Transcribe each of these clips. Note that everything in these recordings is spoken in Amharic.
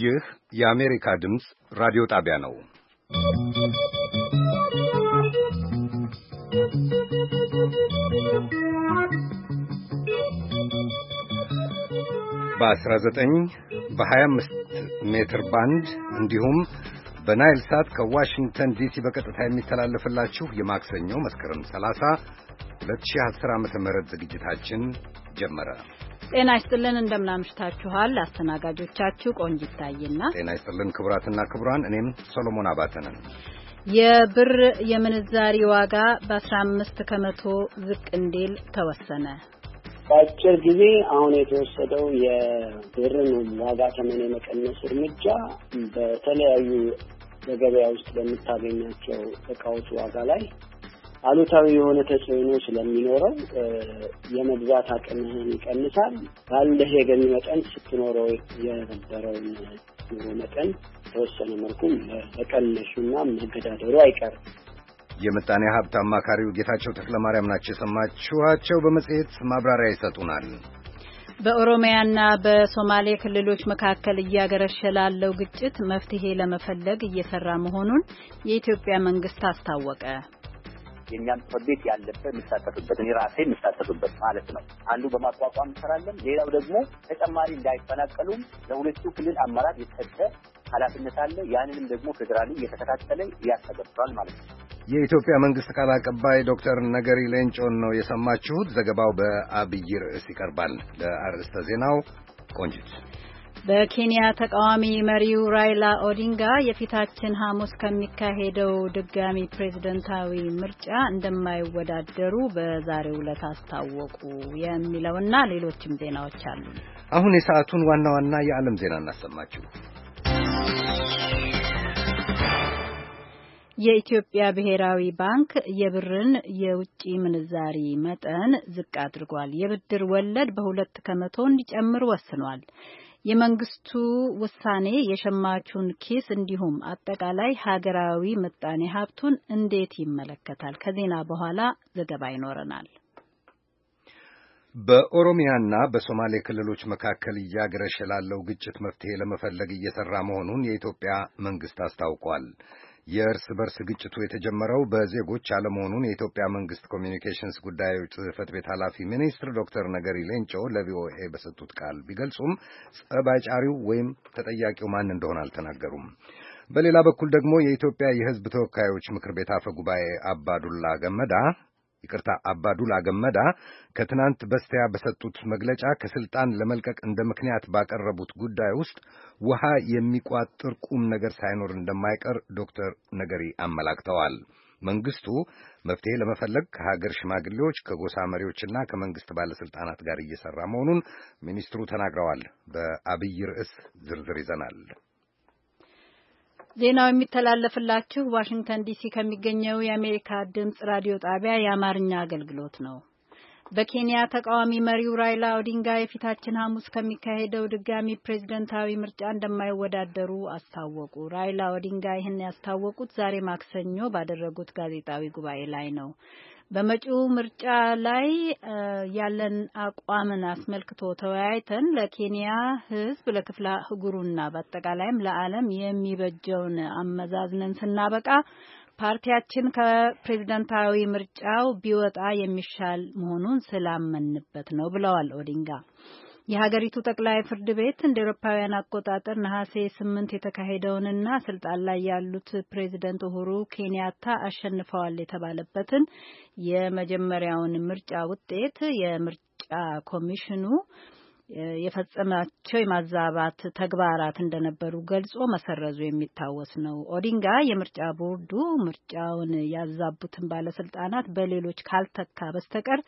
ይህ የአሜሪካ ድምፅ ራዲዮ ጣቢያ ነው። በ19 በ25 ሜትር ባንድ እንዲሁም በናይል ሳት ከዋሽንግተን ዲሲ በቀጥታ የሚተላለፍላችሁ የማክሰኞ መስከረም 30 2010 ም ዝግጅታችን ጀመረ። ጤና ይስጥልን እንደምናምሽታችኋል። አስተናጋጆቻችሁ ቆንጅ ይታይና ጤና ይስጥልን ክቡራትና ክቡራን፣ እኔም ሰሎሞን አባተ የብር የምንዛሪ ዋጋ በ15 ከመቶ ዝቅ እንዲል ተወሰነ። በአጭር ጊዜ አሁን የተወሰደው የብርን ዋጋ ተመን የመቀነስ እርምጃ በተለያዩ በገበያ ውስጥ በምታገኛቸው እቃዎች ዋጋ ላይ አሉታዊ የሆነ ተጽዕኖ ስለሚኖረው የመግዛት አቅምህን ይቀንሳል። ባለህ የገቢ መጠን ስትኖረው የነበረውን ኑሮ መጠን ተወሰነ መልኩም መቀነሱና መገዳደሩ አይቀርም። የምጣኔ ሀብት አማካሪው ጌታቸው ተክለማርያም ናቸው የሰማችኋቸው። በመጽሔት ማብራሪያ ይሰጡናል። በኦሮሚያና በሶማሌ ክልሎች መካከል እያገረሸ ላለው ግጭት መፍትሄ ለመፈለግ እየሰራ መሆኑን የኢትዮጵያ መንግስት አስታወቀ። የእኛም ጽሕፈት ቤት ያለበት የምሳተፍበት እኔ ራሴ የምሳተፍበት ማለት ነው። አንዱ በማቋቋም እንሰራለን። ሌላው ደግሞ ተጨማሪ እንዳይፈናቀሉም ለሁለቱ ክልል አመራር የተሰጠ ኃላፊነት አለ። ያንንም ደግሞ ፌዴራሉ እየተከታተለ እያስተገብሯል ማለት ነው። የኢትዮጵያ መንግስት ቃል አቀባይ ዶክተር ነገሪ ሌንጮን ነው የሰማችሁት። ዘገባው በአብይ ርዕስ ይቀርባል። ለአርዕስተ ዜናው ቆንጅት በኬንያ ተቃዋሚ መሪው ራይላ ኦዲንጋ የፊታችን ሐሙስ ከሚካሄደው ድጋሚ ፕሬዝደንታዊ ምርጫ እንደማይወዳደሩ በዛሬው ዕለት አስታወቁ የሚለውና ሌሎችም ዜናዎች አሉ። አሁን የሰዓቱን ዋና ዋና የዓለም ዜና እናሰማችሁ። የኢትዮጵያ ብሔራዊ ባንክ የብርን የውጭ ምንዛሪ መጠን ዝቅ አድርጓል። የብድር ወለድ በሁለት ከመቶ እንዲጨምር ወስኗል። የመንግስቱ ውሳኔ የሸማቹን ኪስ እንዲሁም አጠቃላይ ሀገራዊ ምጣኔ ሀብቱን እንዴት ይመለከታል? ከዜና በኋላ ዘገባ ይኖረናል። በኦሮሚያና በሶማሌ ክልሎች መካከል እያገረሸ ላለው ግጭት መፍትሄ ለመፈለግ እየሰራ መሆኑን የኢትዮጵያ መንግስት አስታውቋል። የእርስ በርስ ግጭቱ የተጀመረው በዜጎች አለመሆኑን የኢትዮጵያ መንግስት ኮሚኒኬሽንስ ጉዳዮች ጽህፈት ቤት ኃላፊ ሚኒስትር ዶክተር ነገሪ ሌንጮ ለቪኦኤ በሰጡት ቃል ቢገልጹም ጸባይ ጫሪው ወይም ተጠያቂው ማን እንደሆነ አልተናገሩም። በሌላ በኩል ደግሞ የኢትዮጵያ የሕዝብ ተወካዮች ምክር ቤት አፈ ጉባኤ አባዱላ ገመዳ ይቅርታ አባዱላ ገመዳ ከትናንት በስቲያ በሰጡት መግለጫ ከስልጣን ለመልቀቅ እንደ ምክንያት ባቀረቡት ጉዳይ ውስጥ ውሃ የሚቋጥር ቁም ነገር ሳይኖር እንደማይቀር ዶክተር ነገሪ አመላክተዋል። መንግስቱ መፍትሄ ለመፈለግ ከሀገር ሽማግሌዎች፣ ከጎሳ መሪዎችና ከመንግስት ባለስልጣናት ጋር እየሰራ መሆኑን ሚኒስትሩ ተናግረዋል። በአብይ ርዕስ ዝርዝር ይዘናል። ዜናው የሚተላለፍላችሁ ዋሽንግተን ዲሲ ከሚገኘው የአሜሪካ ድምፅ ራዲዮ ጣቢያ የአማርኛ አገልግሎት ነው። በኬንያ ተቃዋሚ መሪው ራይላ ኦዲንጋ የፊታችን ሐሙስ ከሚካሄደው ድጋሚ ፕሬዝደንታዊ ምርጫ እንደማይወዳደሩ አስታወቁ። ራይላ ኦዲንጋ ይህን ያስታወቁት ዛሬ ማክሰኞ ባደረጉት ጋዜጣዊ ጉባኤ ላይ ነው። በመጪው ምርጫ ላይ ያለን አቋምን አስመልክቶ ተወያይተን ለኬንያ ሕዝብ ለክፍለ አህጉሩና በአጠቃላይም ለዓለም የሚበጀውን አመዛዝነን ስናበቃ ፓርቲያችን ከፕሬዝደንታዊ ምርጫው ቢወጣ የሚሻል መሆኑን ስላመንበት ነው ብለዋል ኦዲንጋ። የሀገሪቱ ጠቅላይ ፍርድ ቤት እንደ ኤሮፓውያን አቆጣጠር ነሐሴ ስምንት የተካሄደውንና ስልጣን ላይ ያሉት ፕሬዚደንት ኡሁሩ ኬንያታ አሸንፈዋል የተባለበትን የመጀመሪያውን ምርጫ ውጤት የምርጫ ኮሚሽኑ የፈጸማቸው የማዛባት ተግባራት እንደነበሩ ገልጾ መሰረዙ የሚታወስ ነው። ኦዲንጋ የምርጫ ቦርዱ ምርጫውን ያዛቡትን ባለስልጣናት በሌሎች ካልተካ በስተቀር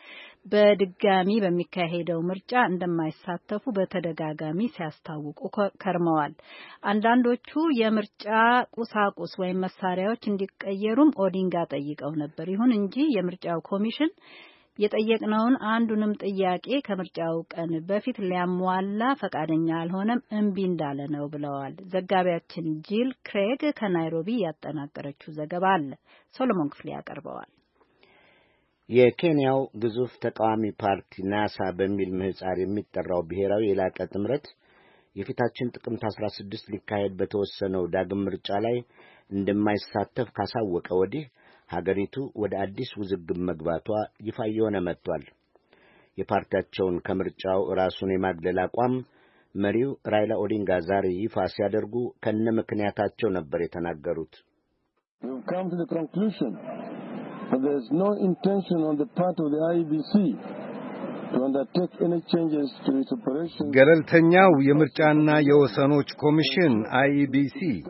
በድጋሚ በሚካሄደው ምርጫ እንደማይሳተፉ በተደጋጋሚ ሲያስታውቁ ከርመዋል። አንዳንዶቹ የምርጫ ቁሳቁስ ወይም መሳሪያዎች እንዲቀየሩም ኦዲንጋ ጠይቀው ነበር። ይሁን እንጂ የምርጫው ኮሚሽን የጠየቅነውን አንዱንም ጥያቄ ከምርጫው ቀን በፊት ሊያሟላ ፈቃደኛ አልሆነም፣ እምቢ እንዳለ ነው ብለዋል። ዘጋቢያችን ጂል ክሬግ ከናይሮቢ ያጠናቀረችው ዘገባ አለ። ሶሎሞን ክፍሌ ያቀርበዋል። የኬንያው ግዙፍ ተቃዋሚ ፓርቲ ናሳ በሚል ምህጻር የሚጠራው ብሔራዊ የላቀ ጥምረት የፊታችን ጥቅምት 16 ሊካሄድ በተወሰነው ዳግም ምርጫ ላይ እንደማይሳተፍ ካሳወቀ ወዲህ ሀገሪቱ ወደ አዲስ ውዝግብ መግባቷ ይፋ እየሆነ መጥቷል። የፓርቲያቸውን ከምርጫው ራሱን የማግለል አቋም መሪው ራይላ ኦዲንጋ ዛሬ ይፋ ሲያደርጉ ከነ ምክንያታቸው ነበር የተናገሩት። ኢቢሲ ገለልተኛው የምርጫና የወሰኖች ኮሚሽን አይኢቢሲ e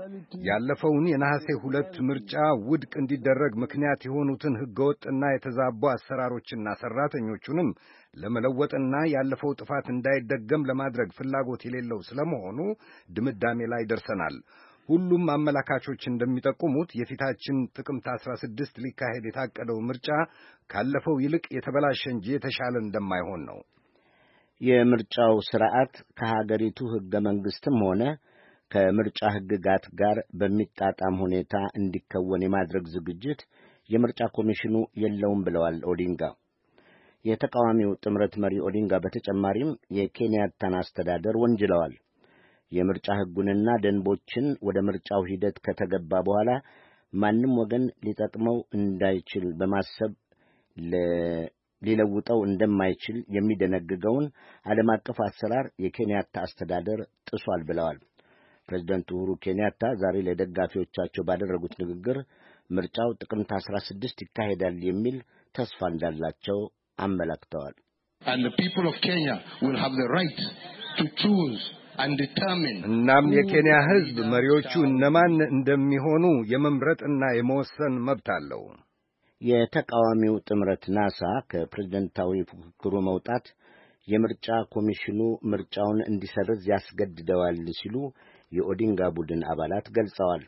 ያለፈውን የነሐሴ ሁለት ምርጫ ውድቅ እንዲደረግ ምክንያት የሆኑትን ሕገወጥና የተዛቡ አሰራሮችና ሠራተኞቹንም ለመለወጥና ያለፈው ጥፋት እንዳይደገም ለማድረግ ፍላጎት የሌለው ስለመሆኑ ድምዳሜ ላይ ደርሰናል። ሁሉም አመላካቾች እንደሚጠቁሙት የፊታችን ጥቅምት 16 ሊካሄድ የታቀደው ምርጫ ካለፈው ይልቅ የተበላሸ እንጂ የተሻለ እንደማይሆን ነው። የምርጫው ሥርዓት ከሀገሪቱ ሕገ መንግሥትም ሆነ ከምርጫ ሕግጋት ጋር በሚጣጣም ሁኔታ እንዲከወን የማድረግ ዝግጅት የምርጫ ኮሚሽኑ የለውም ብለዋል ኦዲንጋ። የተቃዋሚው ጥምረት መሪ ኦዲንጋ በተጨማሪም የኬንያታን አስተዳደር ወንጅለዋል። የምርጫ ሕጉንና ደንቦችን ወደ ምርጫው ሂደት ከተገባ በኋላ ማንም ወገን ሊጠቅመው እንዳይችል በማሰብ ሊለውጠው እንደማይችል የሚደነግገውን ዓለም አቀፍ አሰራር የኬንያታ አስተዳደር ጥሷል ብለዋል። ፕሬዚደንት ኡሁሩ ኬንያታ ዛሬ ለደጋፊዎቻቸው ባደረጉት ንግግር ምርጫው ጥቅምት 16 ይካሄዳል የሚል ተስፋ እንዳላቸው አመላክተዋል። እናም የኬንያ ሕዝብ መሪዎቹ እነማን እንደሚሆኑ የመምረጥና የመወሰን መብት አለው። የተቃዋሚው ጥምረት ናሳ ከፕሬዝደንታዊ ፉክክሩ መውጣት የምርጫ ኮሚሽኑ ምርጫውን እንዲሰርዝ ያስገድደዋል ሲሉ የኦዲንጋ ቡድን አባላት ገልጸዋል።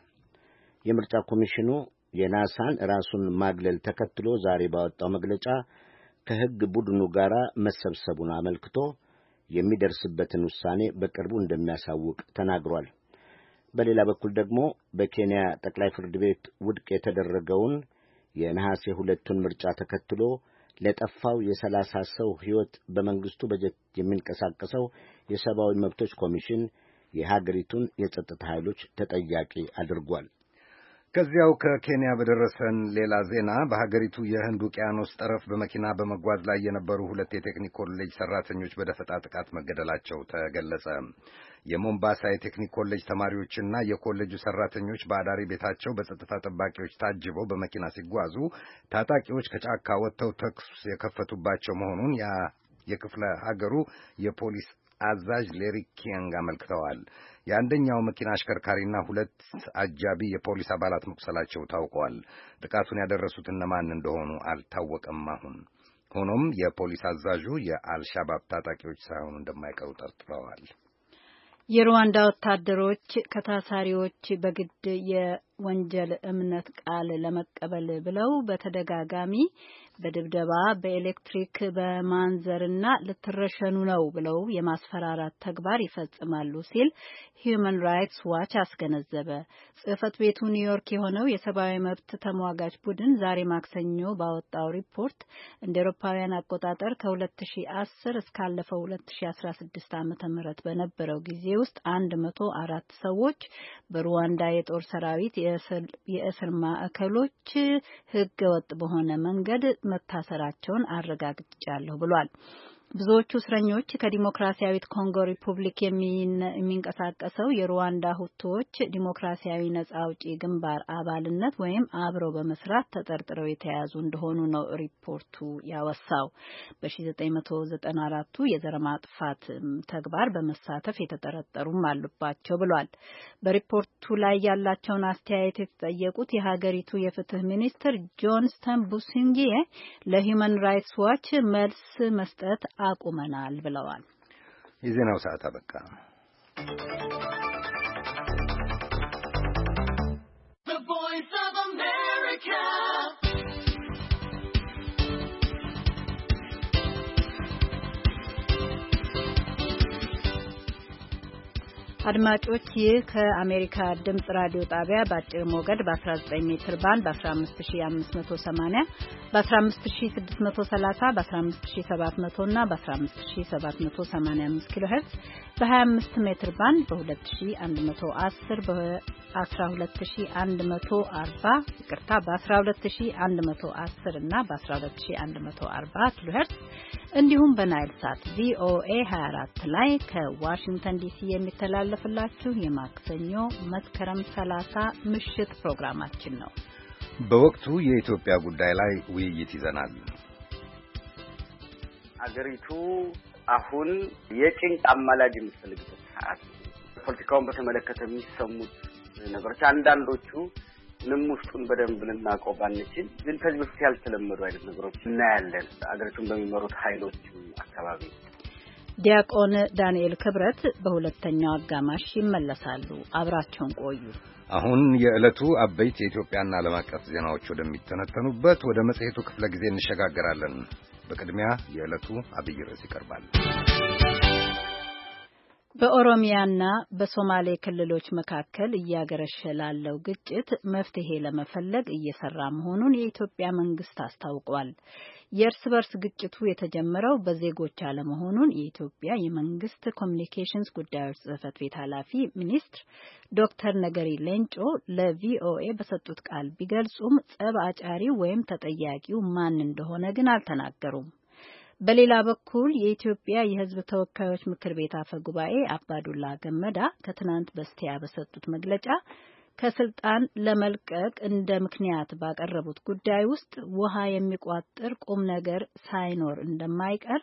የምርጫ ኮሚሽኑ የናሳን ራሱን ማግለል ተከትሎ ዛሬ ባወጣው መግለጫ ከሕግ ቡድኑ ጋር መሰብሰቡን አመልክቶ የሚደርስበትን ውሳኔ በቅርቡ እንደሚያሳውቅ ተናግሯል። በሌላ በኩል ደግሞ በኬንያ ጠቅላይ ፍርድ ቤት ውድቅ የተደረገውን የነሐሴ ሁለቱን ምርጫ ተከትሎ ለጠፋው የሰላሳ ሰው ሕይወት በመንግስቱ በጀት የሚንቀሳቀሰው የሰብአዊ መብቶች ኮሚሽን የሀገሪቱን የጸጥታ ኃይሎች ተጠያቂ አድርጓል። ከዚያው ከኬንያ በደረሰን ሌላ ዜና በሀገሪቱ የህንድ ውቅያኖስ ጠረፍ በመኪና በመጓዝ ላይ የነበሩ ሁለት የቴክኒክ ኮሌጅ ሰራተኞች በደፈጣ ጥቃት መገደላቸው ተገለጸ። የሞምባሳ የቴክኒክ ኮሌጅ ተማሪዎችና የኮሌጁ ሰራተኞች በአዳሪ ቤታቸው በጸጥታ ጠባቂዎች ታጅበው በመኪና ሲጓዙ ታጣቂዎች ከጫካ ወጥተው ተኩስ የከፈቱባቸው መሆኑን የክፍለ ሀገሩ የፖሊስ አዛዥ ሌሪ ኪያንግ አመልክተዋል። የአንደኛው መኪና አሽከርካሪና ሁለት አጃቢ የፖሊስ አባላት መቁሰላቸው ታውቀዋል። ጥቃቱን ያደረሱት እነማን እንደሆኑ አልታወቀም አሁን። ሆኖም የፖሊስ አዛዡ የአልሻባብ ታጣቂዎች ሳይሆኑ እንደማይቀሩ ጠርጥረዋል። የሩዋንዳ ወታደሮች ከታሳሪዎች በግድ የወንጀል እምነት ቃል ለመቀበል ብለው በተደጋጋሚ በድብደባ በኤሌክትሪክ በማንዘርና ልትረሸኑ ነው ብለው የማስፈራራት ተግባር ይፈጽማሉ ሲል ሂዩማን ራይትስ ዋች አስገነዘበ። ጽህፈት ቤቱ ኒውዮርክ የሆነው የሰብአዊ መብት ተሟጋች ቡድን ዛሬ ማክሰኞ ባወጣው ሪፖርት እንደ ኤሮፓውያን አቆጣጠር ከ2010 እስካለፈው 2016 ዓ ም በነበረው ጊዜ ውስጥ 104 ሰዎች በሩዋንዳ የጦር ሰራዊት የእስር ማዕከሎች ህገ ወጥ በሆነ መንገድ መታሰራቸውን አረጋግጫለሁ ብሏል። ብዙዎቹ እስረኞች ከዲሞክራሲያዊት ኮንጎ ሪፑብሊክ የሚንቀሳቀሰው የሩዋንዳ ሁቶዎች ዲሞክራሲያዊ ነጻ አውጪ ግንባር አባልነት ወይም አብረው በመስራት ተጠርጥረው የተያዙ እንደሆኑ ነው ሪፖርቱ ያወሳው። በ1994ቱ የዘር ማጥፋት ተግባር በመሳተፍ የተጠረጠሩም አሉባቸው ብሏል። በሪፖርቱ ላይ ያላቸውን አስተያየት የተጠየቁት የሀገሪቱ የፍትህ ሚኒስትር ጆንስተን ቡሲንጊ ለሂዩማን ራይትስ ዋች መልስ መስጠት አቁመናል ብለዋል። የዜናው ሰዓት አበቃ። አድማጮች ይህ ከአሜሪካ ድምጽ ራዲዮ ጣቢያ በአጭር ሞገድ በ19 ሜትር ባንድ በ15580 በ15630 በ15700 እና በ15785 ኪሎ ሄርዝ በ25 ሜትር ባንድ በ2110 12140 ይቅርታ በ12110 እና በ12140 ኪሎ ሄርትስ እንዲሁም በናይል ሳት ቪኦኤ 24 ላይ ከዋሽንግተን ዲሲ የሚተላለፍላችሁ የማክሰኞ መስከረም 30 ምሽት ፕሮግራማችን ነው። በወቅቱ የኢትዮጵያ ጉዳይ ላይ ውይይት ይዘናል። አገሪቱ አሁን የጭንቅ አማላጅ የምትፈልግበት ሰዓት ፖለቲካውን በተመለከተ የሚሰሙት ነገሮች አንዳንዶቹ ምንም ውስጡን በደንብ ልናውቀው ባንችል ግን ከዚህ በፊት ያልተለመዱ አይነት ነገሮች እናያለን አገሪቱን በሚመሩት ኃይሎች አካባቢ። ዲያቆን ዳንኤል ክብረት በሁለተኛው አጋማሽ ይመለሳሉ። አብራቸውን ቆዩ። አሁን የዕለቱ አበይት የኢትዮጵያና ዓለም አቀፍ ዜናዎች ወደሚተነተኑበት ወደ መጽሔቱ ክፍለ ጊዜ እንሸጋገራለን። በቅድሚያ የዕለቱ አብይ ርዕስ ይቀርባል። በኦሮሚያና በሶማሌ ክልሎች መካከል እያገረሸ ላለው ግጭት መፍትሄ ለመፈለግ እየሰራ መሆኑን የኢትዮጵያ መንግስት አስታውቋል። የእርስ በርስ ግጭቱ የተጀመረው በዜጎች አለመሆኑን የኢትዮጵያ የመንግስት ኮሚኒኬሽንስ ጉዳዮች ጽህፈት ቤት ኃላፊ ሚኒስትር ዶክተር ነገሪ ሌንጮ ለቪኦኤ በሰጡት ቃል ቢገልጹም ጸብ አጫሪው ወይም ተጠያቂው ማን እንደሆነ ግን አልተናገሩም። በሌላ በኩል የኢትዮጵያ የሕዝብ ተወካዮች ምክር ቤት አፈ ጉባኤ አባዱላ ገመዳ ከትናንት በስቲያ በሰጡት መግለጫ ከስልጣን ለመልቀቅ እንደ ምክንያት ባቀረቡት ጉዳይ ውስጥ ውሃ የሚቋጥር ቁም ነገር ሳይኖር እንደማይቀር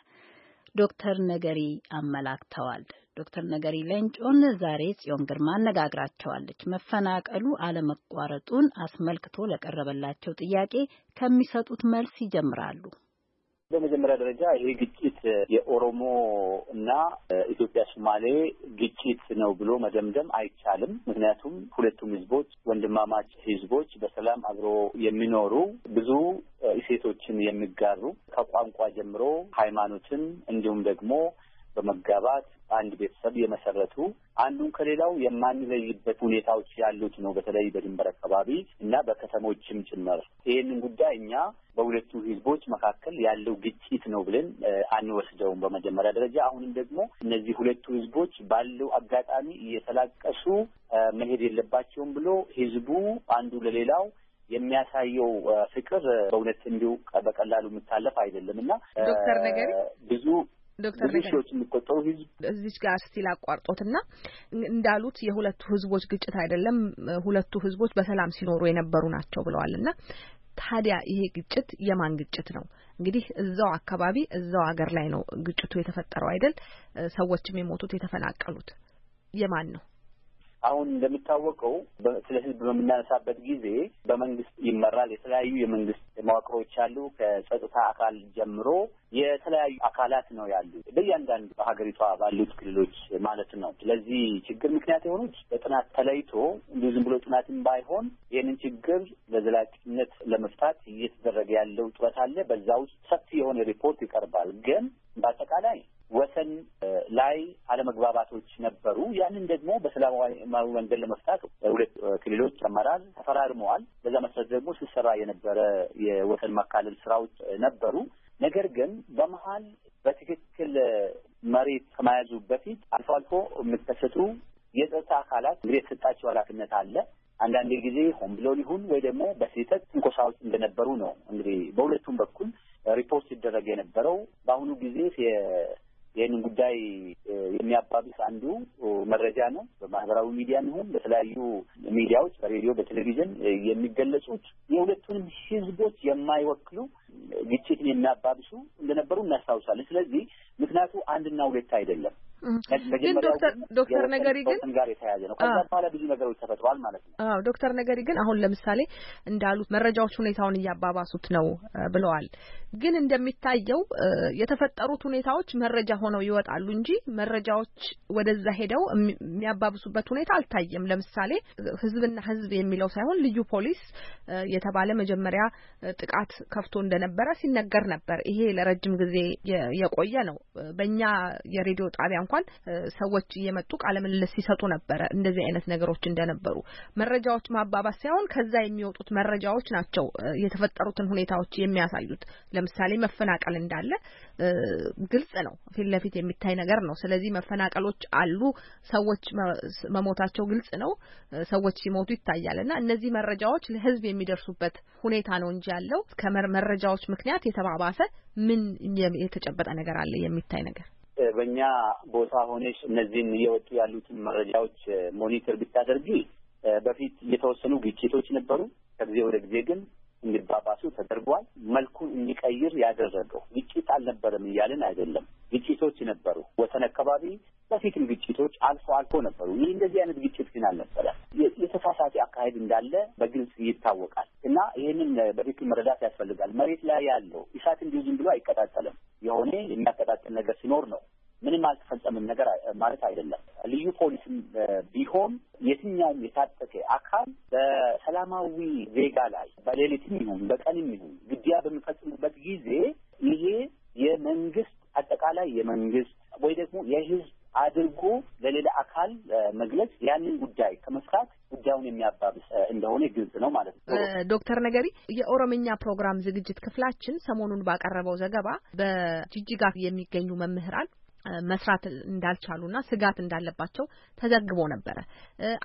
ዶክተር ነገሪ አመላክተዋል። ዶክተር ነገሪ ሌንጮን ዛሬ ጽዮን ግርማ አነጋግራቸዋለች። መፈናቀሉ አለመቋረጡን አስመልክቶ ለቀረበላቸው ጥያቄ ከሚሰጡት መልስ ይጀምራሉ። በመጀመሪያ ደረጃ ይሄ ግጭት የኦሮሞ እና ኢትዮጵያ ሶማሌ ግጭት ነው ብሎ መደምደም አይቻልም። ምክንያቱም ሁለቱም ህዝቦች ወንድማማች ህዝቦች በሰላም አብሮ የሚኖሩ ብዙ እሴቶችን የሚጋሩ ከቋንቋ ጀምሮ ሃይማኖትን፣ እንዲሁም ደግሞ በመጋባት አንድ ቤተሰብ የመሰረቱ አንዱን ከሌላው የማንለይበት ሁኔታዎች ያሉት ነው። በተለይ በድንበር አካባቢ እና በከተሞችም ጭምር ይህንን ጉዳይ እኛ በሁለቱ ህዝቦች መካከል ያለው ግጭት ነው ብለን አንወስደውም በመጀመሪያ ደረጃ። አሁንም ደግሞ እነዚህ ሁለቱ ህዝቦች ባለው አጋጣሚ እየተላቀሱ መሄድ የለባቸውም ብሎ ህዝቡ አንዱ ለሌላው የሚያሳየው ፍቅር በእውነት እንዲሁ በቀላሉ የምታለፍ አይደለም እና ዶክተር ነገሪ ብዙ ዶክተር ሺዎች የሚቆጠሩ ህዝብ እዚች ጋር ስቲል አቋርጦትና እንዳሉት የሁለቱ ህዝቦች ግጭት አይደለም፣ ሁለቱ ህዝቦች በሰላም ሲኖሩ የነበሩ ናቸው ብለዋል ና ታዲያ ይሄ ግጭት የማን ግጭት ነው? እንግዲህ እዛው አካባቢ እዛው አገር ላይ ነው ግጭቱ የተፈጠረው አይደል? ሰዎችም የሞቱት የተፈናቀሉት የማን ነው? አሁን እንደሚታወቀው ስለ ህዝብ በምናነሳበት ጊዜ በመንግስት ይመራል። የተለያዩ የመንግስት መዋቅሮች አሉ። ከጸጥታ አካል ጀምሮ የተለያዩ አካላት ነው ያሉ በእያንዳንዱ በሀገሪቷ ባሉት ክልሎች ማለት ነው። ስለዚህ ችግር ምክንያት የሆኑት በጥናት ተለይቶ እንዲሁ ዝም ብሎ ጥናትም ባይሆን ይህንን ችግር ለዘላቂነት ለመፍታት እየተደረገ ያለው ጥረት አለ። በዛ ውስጥ ሰፊ የሆነ ሪፖርት ይቀርባል ግን አለመግባባቶች ነበሩ። ያንን ደግሞ በሰላማዊ መንገድ ለመፍታት ሁለት ክልሎች አመራር ተፈራርመዋል። በዛ መሰረት ደግሞ ሲሰራ የነበረ የወሰን ማካለል ስራዎች ነበሩ። ነገር ግን በመሀል በትክክል መሬት ከመያዙ በፊት አልፎ አልፎ የሚከሰቱ የጸጥታ አካላት እንግዲህ የተሰጣቸው ኃላፊነት አለ። አንዳንድ ጊዜ ሆን ብሎ ሊሆን ወይ ደግሞ በስህተት ትንኮሳዎች እንደነበሩ ነው እንግዲህ በሁለቱም በኩል ሪፖርት ሲደረግ የነበረው። በአሁኑ ጊዜ ይህንን ጉዳይ ከሚያባብስ አንዱ መረጃ ነው። በማህበራዊ ሚዲያ ይሁን በተለያዩ ሚዲያዎች፣ በሬዲዮ፣ በቴሌቪዥን የሚገለጹት የሁለቱንም ህዝቦች የማይወክሉ ግጭትን የሚያባብሱ እንደነበሩ እናስታውሳለን። ስለዚህ ምክንያቱ አንድና ሁለት አይደለም። ግን ዶክተር ዶክተር ነገሪ ግን ጋር የተያያዘ ነው። ከዛ በኋላ ብዙ ነገሮች ተፈጥሯል ማለት ነው። አዎ ዶክተር ነገሪ ግን አሁን ለምሳሌ እንዳሉት መረጃዎች ሁኔታውን እያባባሱት ነው ብለዋል። ግን እንደሚታየው የተፈጠሩት ሁኔታዎች መረጃ ሆነው ይወጣሉ እንጂ መረጃዎች ወደዛ ሄደው የሚያባብሱበት ሁኔታ አልታየም። ለምሳሌ ህዝብና ህዝብ የሚለው ሳይሆን ልዩ ፖሊስ የተባለ መጀመሪያ ጥቃት ከፍቶ እንደነበረ ሲነገር ነበር። ይሄ ለረጅም ጊዜ የቆየ ነው። በእኛ የሬዲዮ ጣቢያ እንኳን ሰዎች እየመጡ ቃለ ምልልስ ሲሰጡ ነበረ። እንደዚህ አይነት ነገሮች እንደነበሩ መረጃዎች ማባባስ ሳይሆን ከዛ የሚወጡት መረጃዎች ናቸው የተፈጠሩትን ሁኔታዎች የሚያሳዩት። ለምሳሌ መፈናቀል እንዳለ ግልጽ ነው፣ ፊት ለፊት የሚታይ ነገር ነው። ስለዚህ መፈናቀሎች አሉ፣ ሰዎች መሞታቸው ግልጽ ነው። ሰዎች ሲሞቱ ይታያል እና እነዚህ መረጃዎች ለህዝብ የሚደርሱበት ሁኔታ ነው እንጂ ያለው ከመረጃዎች ምክንያት የተባባሰ ምን የተጨበጠ ነገር አለ የሚታይ ነገር በእኛ ቦታ ሆነሽ እነዚህን እየወጡ ያሉትን መረጃዎች ሞኒተር ብታደርጊ በፊት የተወሰኑ ግጭቶች ነበሩ። ከጊዜ ወደ ጊዜ ግን እንዲባባሱ ተደርጓል። መልኩን እንዲቀይር ያደረገው ግጭት አልነበረም እያልን አይደለም። ግጭቶች ነበሩ። ወሰን አካባቢ በፊትም ግጭቶች አልፎ አልፎ ነበሩ። ይህ እንደዚህ አይነት ግጭት ግን አልነበረ። የተሳሳተ አካሄድ እንዳለ በግልጽ ይታወቃል እና ይህንን በትክክል መረዳት ያስፈልጋል። መሬት ላይ ያለው እሳት እንዲሁ ዝም ብሎ አይቀጣጠልም። የሆነ የሚያቀጣጥል ነገር ሲኖር ነው ምንም አልተፈጸመም ነገር ማለት አይደለም። ልዩ ፖሊስም ቢሆን የትኛውም የታጠቀ አካል በሰላማዊ ዜጋ ላይ በሌሊትም ይሁን በቀንም ይሁን ግድያ በሚፈጽምበት ጊዜ ይሄ የመንግስት አጠቃላይ የመንግስት ወይ ደግሞ የህዝብ አድርጎ ለሌላ አካል መግለጽ ያንን ጉዳይ ከመስራት ጉዳዩን የሚያባብስ እንደሆነ ግልጽ ነው ማለት ነው። ዶክተር ነገሪ የኦሮምኛ ፕሮግራም ዝግጅት ክፍላችን ሰሞኑን ባቀረበው ዘገባ በጅጅጋ የሚገኙ መምህራን መስራት እንዳልቻሉና ስጋት እንዳለባቸው ተዘግቦ ነበረ።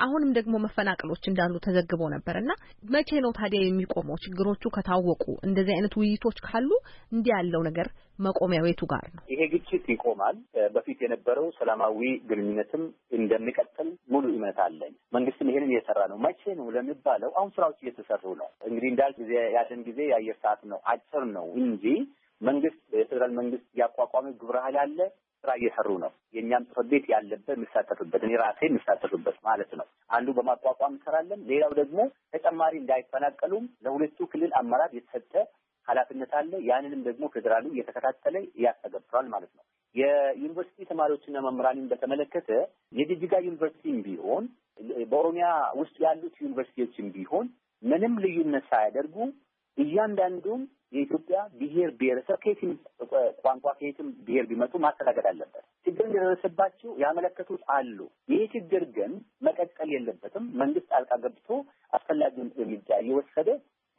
አሁንም ደግሞ መፈናቀሎች እንዳሉ ተዘግቦ ነበር እና መቼ ነው ታዲያ የሚቆመው? ችግሮቹ ከታወቁ እንደዚህ አይነት ውይይቶች ካሉ እንዲህ ያለው ነገር መቆሚያ ቤቱ ጋር ነው። ይሄ ግጭት ይቆማል። በፊት የነበረው ሰላማዊ ግንኙነትም እንደሚቀጥል ሙሉ እምነት አለኝ። መንግስትም ይሄንን እየሰራ ነው። መቼ ነው ለሚባለው አሁን ስራዎች እየተሰሩ ነው። እንግዲህ እንዳል ጊዜ ያለን ጊዜ የአየር ሰዓት ነው አጭር ነው እንጂ መንግስት የፌዴራል መንግስት ያቋቋመ ግብረ ኃይል አለ። ስራ እየሰሩ ነው። የእኛም ጽሕፈት ቤት ያለበት የምሳተፍበት እኔ ራሴ የምሳተፍበት ማለት ነው። አንዱ በማቋቋም እንሰራለን። ሌላው ደግሞ ተጨማሪ እንዳይፈናቀሉም ለሁለቱ ክልል አመራር የተሰጠ ኃላፊነት አለ። ያንንም ደግሞ ፌዴራሉ እየተከታተለ እያስተገብሯል ማለት ነው። የዩኒቨርሲቲ ተማሪዎችና መምህራንን በተመለከተ የጅጅጋ ዩኒቨርሲቲም ቢሆን በኦሮሚያ ውስጥ ያሉት ዩኒቨርሲቲዎችም ቢሆን ምንም ልዩነት ሳያደርጉ እያንዳንዱም የኢትዮጵያ ብሔር ብሔረሰብ ከየትም ቋንቋ ከየትም ብሔር ቢመጡ ማስተናገድ አለበት። ችግር እንደደረሰባቸው ያመለከቱት አሉ። ይህ ችግር ግን መቀጠል የለበትም። መንግስት ጣልቃ ገብቶ አስፈላጊውን እርምጃ እየወሰደ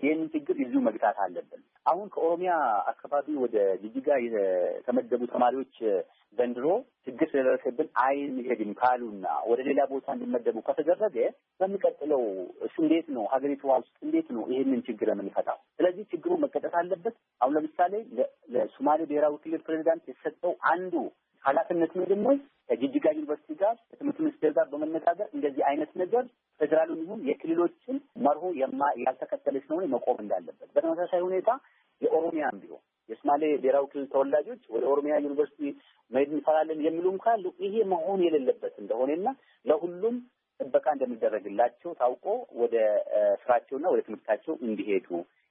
ይህንን ችግር እዚሁ መግታት አለብን። አሁን ከኦሮሚያ አካባቢ ወደ ጅጅጋ የተመደቡ ተማሪዎች ዘንድሮ ችግር ስለደረሰብን አይሄድም ካሉና ወደ ሌላ ቦታ እንዲመደቡ ከተደረገ በሚቀጥለው እሱ እንዴት ነው ሀገሪቷ ውስጥ እንዴት ነው ይህንን ችግር የምንፈታው? ስለዚህ ችግሩ መቀጠት አለበት። አሁን ለምሳሌ ለሶማሌ ብሔራዊ ክልል ፕሬዚዳንት የተሰጠው አንዱ ኃላፊነት ምንድን ነው? ከጅጅጋ ዩኒቨርሲቲ ጋር ከትምህርት ሚኒስቴር ጋር በመነጋገር እንደዚህ አይነት ነገር ፌዴራሉን ይሁን የክልሎችን መርሆ ያልተከተለ ስለሆነ መቆም እንዳለበት፣ በተመሳሳይ ሁኔታ የኦሮሚያም ቢሆን የሶማሌ ብሔራዊ ክልል ተወላጆች ወደ ኦሮሚያ ዩኒቨርሲቲ መሄድ እንፈላለን የሚሉም ካሉ ይሄ መሆን የሌለበት እንደሆነና ለሁሉም ጥበቃ እንደሚደረግላቸው ታውቆ ወደ ስራቸውና ወደ ትምህርታቸው እንዲሄዱ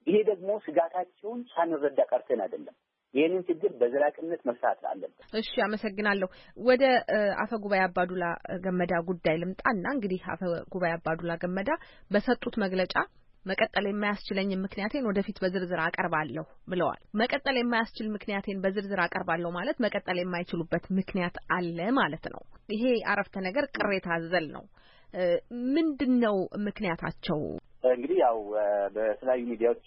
ይሄ ደግሞ ስጋታቸውን ሳንረዳ ቀርተን አይደለም። ይህንን ችግር በዘላቅነት መፍታት አለበት። እሺ፣ አመሰግናለሁ። ወደ አፈ ጉባኤ አባዱላ ገመዳ ጉዳይ ልምጣና እንግዲህ አፈ ጉባኤ አባዱላ ገመዳ በሰጡት መግለጫ መቀጠል የማያስችለኝን ምክንያቴን ወደፊት በዝርዝር አቀርባለሁ ብለዋል። መቀጠል የማያስችል ምክንያቴን በዝርዝር አቀርባለሁ ማለት መቀጠል የማይችሉበት ምክንያት አለ ማለት ነው። ይሄ አረፍተ ነገር ቅሬታ አዘል ነው። ምንድን ነው ምክንያታቸው? እንግዲህ ያው በተለያዩ ሚዲያዎች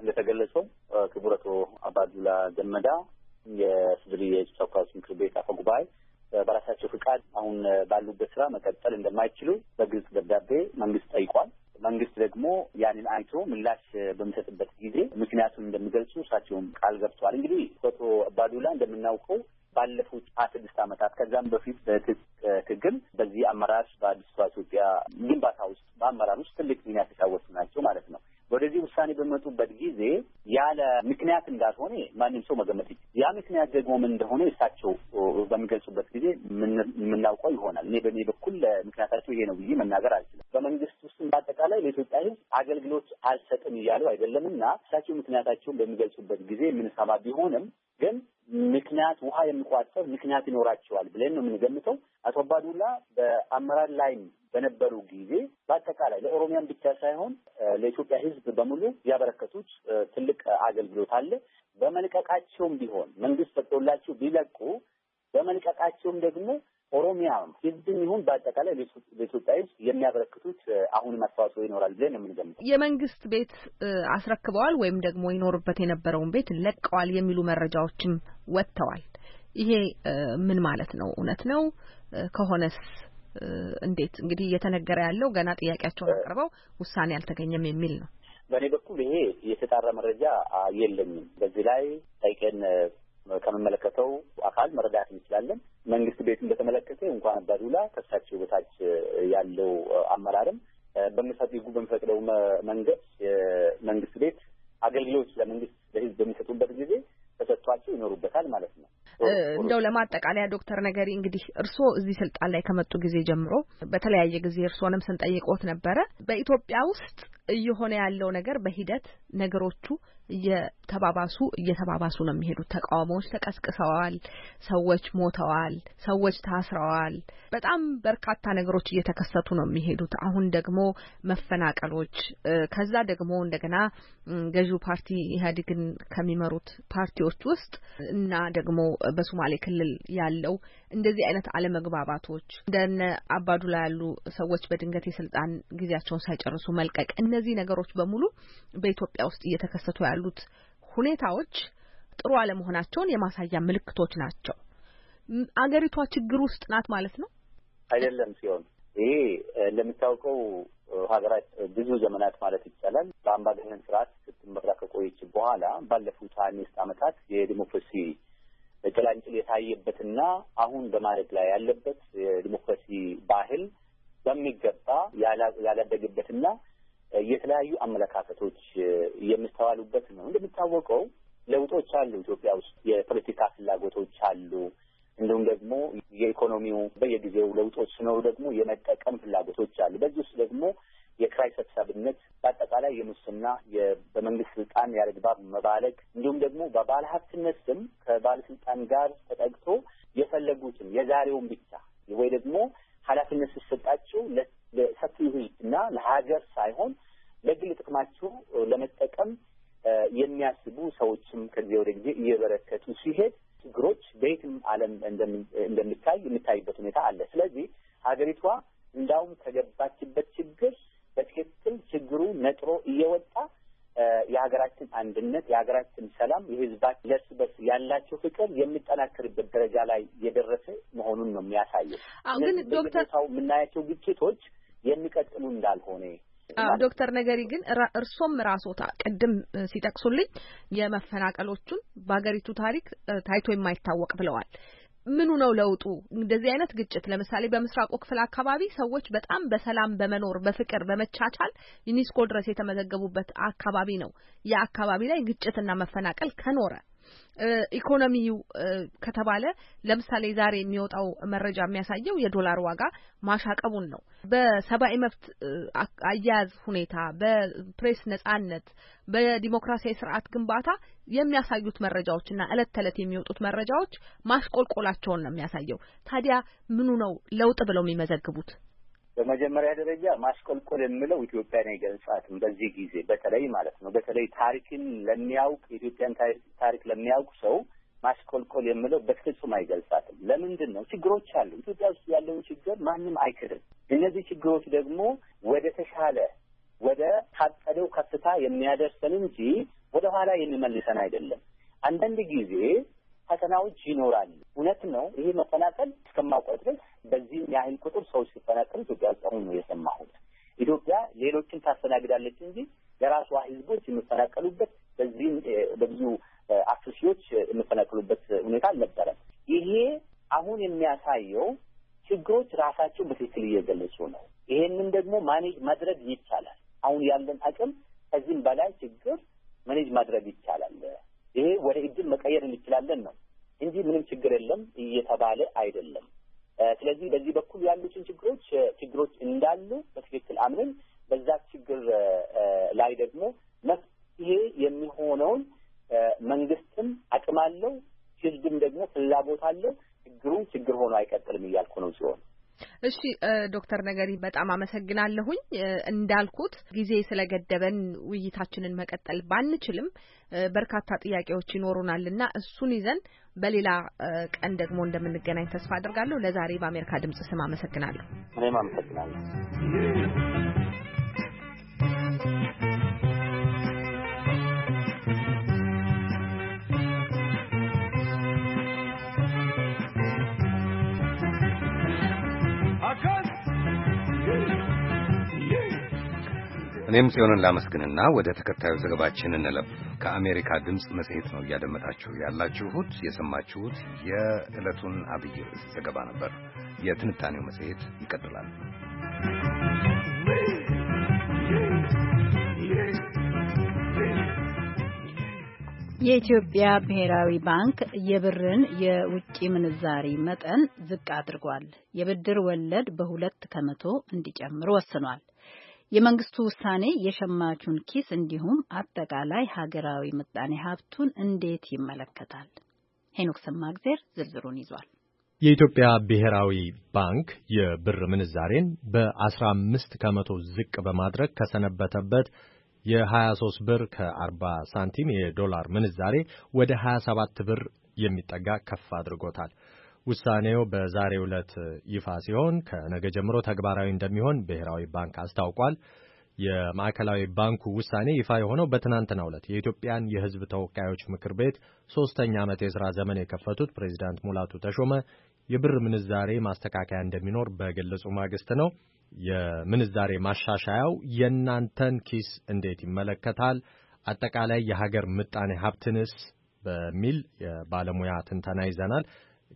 እንደተገለጸው ክቡር አቶ አባዱላ ገመዳ የፍድሪ የህዝብ ተወካዮች ምክር ቤት አፈ ጉባኤ በራሳቸው ፍቃድ አሁን ባሉበት ስራ መቀጠል እንደማይችሉ በግልጽ ደብዳቤ መንግስት ጠይቋል። መንግስት ደግሞ ያንን አይቶ ምላሽ በሚሰጥበት ጊዜ ምክንያቱን እንደሚገልጹ እሳቸውም ቃል ገብተዋል። እንግዲህ ፎቶ አባዱላ እንደምናውቀው ባለፉት ሀያ ስድስት ዓመታት ከዛም በፊት በትጥቅ ትግል በዚህ አመራር በአዲስቷ ኢትዮጵያ ግንባታ ውስጥ በአመራር ውስጥ ትልቅ ሚና በሚቀመጡበት ጊዜ ያለ ምክንያት እንዳልሆነ ማንም ሰው መገመት ያ ምክንያት ደግሞ ምን እንደሆነ እሳቸው በሚገልጹበት ጊዜ የምናውቀው ይሆናል። እኔ በእኔ በኩል ምክንያታቸው ይሄ ነው ብዬ መናገር አልችልም። በመንግስት ውስጥ በአጠቃላይ ለኢትዮጵያ ሕዝብ አገልግሎት አልሰጥም እያሉ አይደለም እና እሳቸው ምክንያታቸውን በሚገልጹበት ጊዜ የምንሰማ ቢሆንም ግን ምክንያት ውሃ የሚቋጠር ምክንያት ይኖራቸዋል ብለን ነው የምንገምተው። አቶ አባዱላ በአመራር ላይም በነበሩ ጊዜ በአጠቃላይ ለኦሮሚያን ብቻ ሳይሆን ለኢትዮጵያ ሕዝብ በሙሉ ያበረከቱት ትልቅ አገልግሎት አለ። በመልቀቃቸውም ቢሆን መንግስት ፈቅዶላቸው ቢለቁ በመልቀቃቸውም ደግሞ ኦሮሚያ ህዝብም ይሁን በአጠቃላይ ለኢትዮጵያ ህዝብ የሚያበረክቱት አሁን አስተዋጽኦ ይኖራል ብለን የምንገምተው የመንግስት ቤት አስረክበዋል ወይም ደግሞ ይኖሩበት የነበረውን ቤት ለቀዋል የሚሉ መረጃዎችም ወጥተዋል። ይሄ ምን ማለት ነው? እውነት ነው ከሆነስ እንዴት እንግዲህ እየተነገረ ያለው ገና ጥያቄያቸውን አቅርበው ውሳኔ አልተገኘም የሚል ነው። በእኔ በኩል ይሄ የተጣራ መረጃ የለኝም። በዚህ ላይ ጠይቀን ከምመለከተው አካል መረዳት እንችላለን። መንግስት ቤቱን በተመለከተ እንኳን አባዱላ ከሳቸው በታች ያለው አመራርም በሚፈጥ ህጉ በሚፈቅደው መንገድ የመንግስት ቤት አገልግሎት ለመንግስት ለህዝብ በሚሰጡበት ጊዜ ተሰጥቷቸው ይኖሩበታል ማለት ነው። እንደው ለማጠቃለያ ዶክተር ነገሪ እንግዲህ እርስዎ እዚህ ስልጣን ላይ ከመጡ ጊዜ ጀምሮ በተለያየ ጊዜ እርስዎንም ስንጠይቆት ነበረ በኢትዮጵያ ውስጥ እየሆነ ያለው ነገር በሂደት ነገሮቹ እየተባባሱ እየተባባሱ ነው የሚሄዱት። ተቃውሞዎች ተቀስቅሰዋል። ሰዎች ሞተዋል። ሰዎች ታስረዋል። በጣም በርካታ ነገሮች እየተከሰቱ ነው የሚሄዱት። አሁን ደግሞ መፈናቀሎች፣ ከዛ ደግሞ እንደገና ገዢው ፓርቲ ኢህአዴግን ከሚመሩት ፓርቲዎች ውስጥ እና ደግሞ በሶማሌ ክልል ያለው እንደዚህ አይነት አለመግባባቶች እንደነ አባዱላ ያሉ ሰዎች በድንገት የስልጣን ጊዜያቸውን ሳይጨርሱ መልቀቅ፣ እነዚህ ነገሮች በሙሉ በኢትዮጵያ ውስጥ እየተከሰቱ ያሉት ሁኔታዎች ጥሩ አለመሆናቸውን የማሳያ ምልክቶች ናቸው። አገሪቷ ችግር ውስጥ ናት ማለት ነው አይደለም? ሲሆን ይሄ እንደሚታወቀው ሀገራት ብዙ ዘመናት ማለት ይቻላል በአምባገነን ስርዓት ስትመራ ከቆየች በኋላ ባለፉት ሀያ አምስት ዓመታት የዲሞክራሲ ጭላንጭል የታየበትና አሁን በማደግ ላይ ያለበት የዲሞክራሲ ባህል በሚገባ ያላደገበትና የተለያዩ አመለካከቶች የሚስተዋሉበት ነው። እንደሚታወቀው ለውጦች አሉ። ኢትዮጵያ ውስጥ የፖለቲካ ፍላጎቶች አሉ። እንዲሁም ደግሞ የኢኮኖሚው በየጊዜው ለውጦች ሲኖሩ ደግሞ የመጠቀም ፍላጎቶች አሉ። በዚህ ውስጥ ደግሞ የክራይ ሰብሳቢነት፣ በአጠቃላይ የሙስና በመንግስት ስልጣን ያለግባብ መባለግ እንዲሁም ደግሞ በባለሀብትነት ስም ከባለስልጣን ጋር ተጠግቶ የፈለጉትን የዛሬውን ብቻ ወይ ደግሞ ኃላፊነት ሲሰጣቸው ለሰፊው ህዝብ እና ለሀገር ሳይሆን ለግል ጥቅማቸው ለመጠቀም የሚያስቡ ሰዎችም ከጊዜ ወደ ጊዜ እየበረከቱ ሲሄድ ችግሮች በየትም ዓለም እንደሚታይ የሚታይበት ሁኔታ አለ። ስለዚህ ሀገሪቷ እንዳውም ከገባችበት ችግር በትክክል ችግሩ ነጥሮ እየወጣ የሀገራችን አንድነት፣ የሀገራችን ሰላም፣ የህዝባችን ለእርስ በርስ ያላቸው ፍቅር የሚጠናከርበት ደረጃ ላይ የደረሰ መሆኑን ነው የሚያሳየው። ግን ዶክተር የምናያቸው ግጭቶች የሚቀጥሉ እንዳልሆነ ዶክተር ነገሪ ግን እርሶም ራሶታ ቅድም ሲጠቅሱልኝ የመፈናቀሎቹን በሀገሪቱ ታሪክ ታይቶ የማይታወቅ ብለዋል። ምኑ ነው ለውጡ? እንደዚህ አይነት ግጭት ለምሳሌ በምስራቁ ክፍል አካባቢ ሰዎች በጣም በሰላም በመኖር በፍቅር በመቻቻል ዩኒስኮ ድረስ የተመዘገቡበት አካባቢ ነው። ያ አካባቢ ላይ ግጭትና መፈናቀል ከኖረ ኢኮኖሚው ከተባለ ለምሳሌ ዛሬ የሚወጣው መረጃ የሚያሳየው የዶላር ዋጋ ማሻቀቡን ነው። በሰብአዊ መብት አያያዝ ሁኔታ፣ በፕሬስ ነጻነት፣ በዲሞክራሲያዊ ስርዓት ግንባታ የሚያሳዩት መረጃዎች እና እለት ተዕለት የሚወጡት መረጃዎች ማሽቆልቆላቸውን ነው የሚያሳየው። ታዲያ ምኑ ነው ለውጥ ብለው የሚመዘግቡት? በመጀመሪያ ደረጃ ማሽቆልቆል የምለው ኢትዮጵያን አይገልጻትም። በዚህ ጊዜ በተለይ ማለት ነው። በተለይ ታሪክን ለሚያውቅ የኢትዮጵያን ታሪክ ለሚያውቅ ሰው ማሽቆልቆል የምለው በፍጹም አይገልጻትም። ለምንድን ነው? ችግሮች አሉ። ኢትዮጵያ ውስጥ ያለውን ችግር ማንም አይክድም። እነዚህ ችግሮች ደግሞ ወደ ተሻለ ወደ ታቀደው ከፍታ የሚያደርሰን እንጂ ወደ ኋላ የሚመልሰን አይደለም። አንዳንድ ጊዜ ፈተናዎች ይኖራሉ። እውነት ነው። ይሄ መፈናቀል እስከማውቀው ድረስ በዚህም ያህል ቁጥር ሰዎች ሲፈናቀሉ ኢትዮጵያ ውስጥ አሁን ነው የሰማሁት። ኢትዮጵያ ሌሎችን ታስተናግዳለች እንጂ የራሷ ህዝቦች የሚፈናቀሉበት በዚህም በብዙ አስር ሺዎች የሚፈናቀሉበት ሁኔታ አልነበረም። ይሄ አሁን የሚያሳየው ችግሮች ራሳቸው በትክክል እየገለጹ ነው። ይሄንን ደግሞ ማኔጅ ማድረግ ይቻላል። አሁን ያለን አቅም ከዚህም በላይ ችግር ማኔጅ ማድረግ ይቻላል። ይሄ ወደ እድል መቀየር እንችላለን ነው እንጂ ምንም ችግር የለም እየተባለ አይደለም። ስለዚህ በዚህ በኩል ያሉትን ችግሮች ችግሮች እንዳሉ በትክክል አምነን በዛ ችግር ላይ ደግሞ መፍትሄ የሚሆነውን መንግስትም አቅም አለው፣ ህዝብም ደግሞ ፍላጎት አለው። ችግሩን ችግር ሆኖ አይቀጥልም እያልኩ ነው ሲሆን እሺ ዶክተር ነገሪ በጣም አመሰግናለሁኝ። እንዳልኩት ጊዜ ስለገደበን ውይይታችንን መቀጠል ባንችልም በርካታ ጥያቄዎች ይኖሩናል እና እሱን ይዘን በሌላ ቀን ደግሞ እንደምንገናኝ ተስፋ አድርጋለሁ። ለዛሬ በአሜሪካ ድምጽ ስም አመሰግናለሁ። እኔም አመሰግናለሁ። እኔም ጽዮንን ላመስግንና ወደ ተከታዩ ዘገባችን እንለፍ። ከአሜሪካ ድምፅ መጽሔት ነው እያደመጣችሁ ያላችሁት። የሰማችሁት የዕለቱን አብይ ርዕስ ዘገባ ነበር። የትንታኔው መጽሔት ይቀጥላል። የኢትዮጵያ ብሔራዊ ባንክ የብርን የውጭ ምንዛሪ መጠን ዝቅ አድርጓል። የብድር ወለድ በሁለት ከመቶ እንዲጨምር ወስኗል። የመንግስቱ ውሳኔ የሸማቹን ኪስ እንዲሁም አጠቃላይ ሀገራዊ ምጣኔ ሀብቱን እንዴት ይመለከታል? ሄኖክ ሰማግዜር ዝርዝሩን ይዟል። የኢትዮጵያ ብሔራዊ ባንክ የብር ምንዛሬን በ15 ከመቶ ዝቅ በማድረግ ከሰነበተበት የ23 ብር ከ40 ሳንቲም የዶላር ምንዛሬ ወደ 27 ብር የሚጠጋ ከፍ አድርጎታል። ውሳኔው በዛሬ ዕለት ይፋ ሲሆን ከነገ ጀምሮ ተግባራዊ እንደሚሆን ብሔራዊ ባንክ አስታውቋል። የማዕከላዊ ባንኩ ውሳኔ ይፋ የሆነው በትናንትናው ዕለት የኢትዮጵያን የሕዝብ ተወካዮች ምክር ቤት ሶስተኛ ዓመት የሥራ ዘመን የከፈቱት ፕሬዚዳንት ሙላቱ ተሾመ የብር ምንዛሬ ማስተካከያ እንደሚኖር በገለጹ ማግስት ነው። የምንዛሬ ማሻሻያው የእናንተን ኪስ እንዴት ይመለከታል? አጠቃላይ የሀገር ምጣኔ ሀብትንስ በሚል የባለሙያ ትንተና ይዘናል።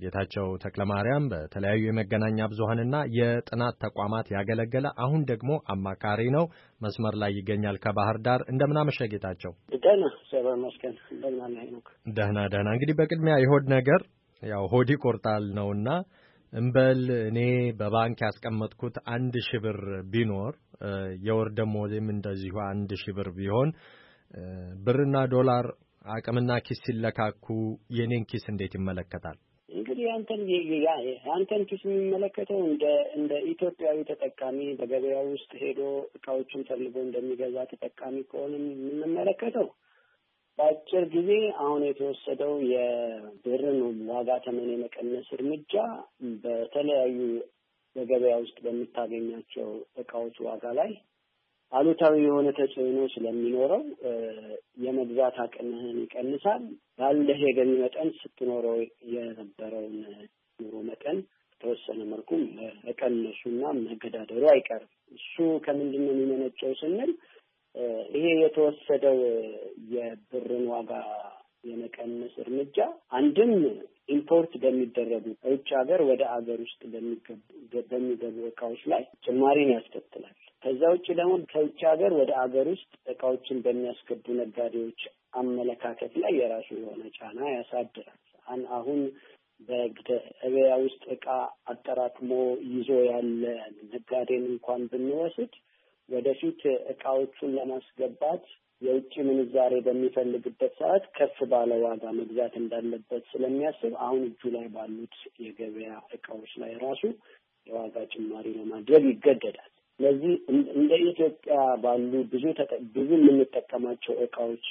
ጌታቸው ማርያም በተለያዩ የመገናኛ ብዙሃንና የጥናት ተቋማት ያገለገለ አሁን ደግሞ አማካሪ ነው። መስመር ላይ ይገኛል ከባህር ዳር። እንደምናመሸ ጌታቸው። ደህና ደህና ደህና። እንግዲህ በቅድሚያ የሆድ ነገር ያው ሆድ ይቆርጣል ነውና እምበል እኔ በባንክ ያስቀመጥኩት አንድ ሺህ ብር ቢኖር የወር ደሞዜም እንደዚሁ አንድ ሺህ ብር ቢሆን ብርና ዶላር አቅምና ኪስ ሲለካኩ የኔን ኪስ እንዴት ይመለከታል? እንግዲህ አንተን አንተን ኪስ የሚመለከተው እንደ እንደ ኢትዮጵያዊ ተጠቃሚ በገበያ ውስጥ ሄዶ እቃዎችን ፈልጎ እንደሚገዛ ተጠቃሚ ከሆነ የምንመለከተው በአጭር ጊዜ አሁን የተወሰደው የብርን ዋጋ ተመን የመቀነስ እርምጃ በተለያዩ በገበያ ውስጥ በምታገኛቸው እቃዎች ዋጋ ላይ አሉታዊ የሆነ ተጽዕኖ ስለሚኖረው የመግዛት አቅምህን ይቀንሳል። ባለህ የገቢ መጠን ስትኖረው የነበረውን ኑሮ መጠን በተወሰነ መልኩ መቀነሱና መገዳደሩ አይቀርም። እሱ ከምንድን ነው የሚመነጨው ስንል ይሄ የተወሰደው የብርን ዋጋ የመቀነስ እርምጃ አንድም ኢምፖርት በሚደረጉ ከውጭ ሀገር ወደ አገር ውስጥ በሚገቡ እቃዎች ላይ ጭማሪን ያስከትላል። ከዛ ውጭ ደግሞ ከውጭ ሀገር ወደ አገር ውስጥ እቃዎችን በሚያስገቡ ነጋዴዎች አመለካከት ላይ የራሱ የሆነ ጫና ያሳድራል። አሁን በገበያ ውስጥ እቃ አጠራቅሞ ይዞ ያለ ነጋዴን እንኳን ብንወስድ ወደፊት እቃዎቹን ለማስገባት የውጭ ምንዛሬ በሚፈልግበት ሰዓት ከፍ ባለ ዋጋ መግዛት እንዳለበት ስለሚያስብ አሁን እጁ ላይ ባሉት የገበያ እቃዎች ላይ ራሱ የዋጋ ጭማሪ ለማድረግ ይገደዳል። ስለዚህ እንደ ኢትዮጵያ ባሉ ብዙ ብዙ የምንጠቀማቸው እቃዎች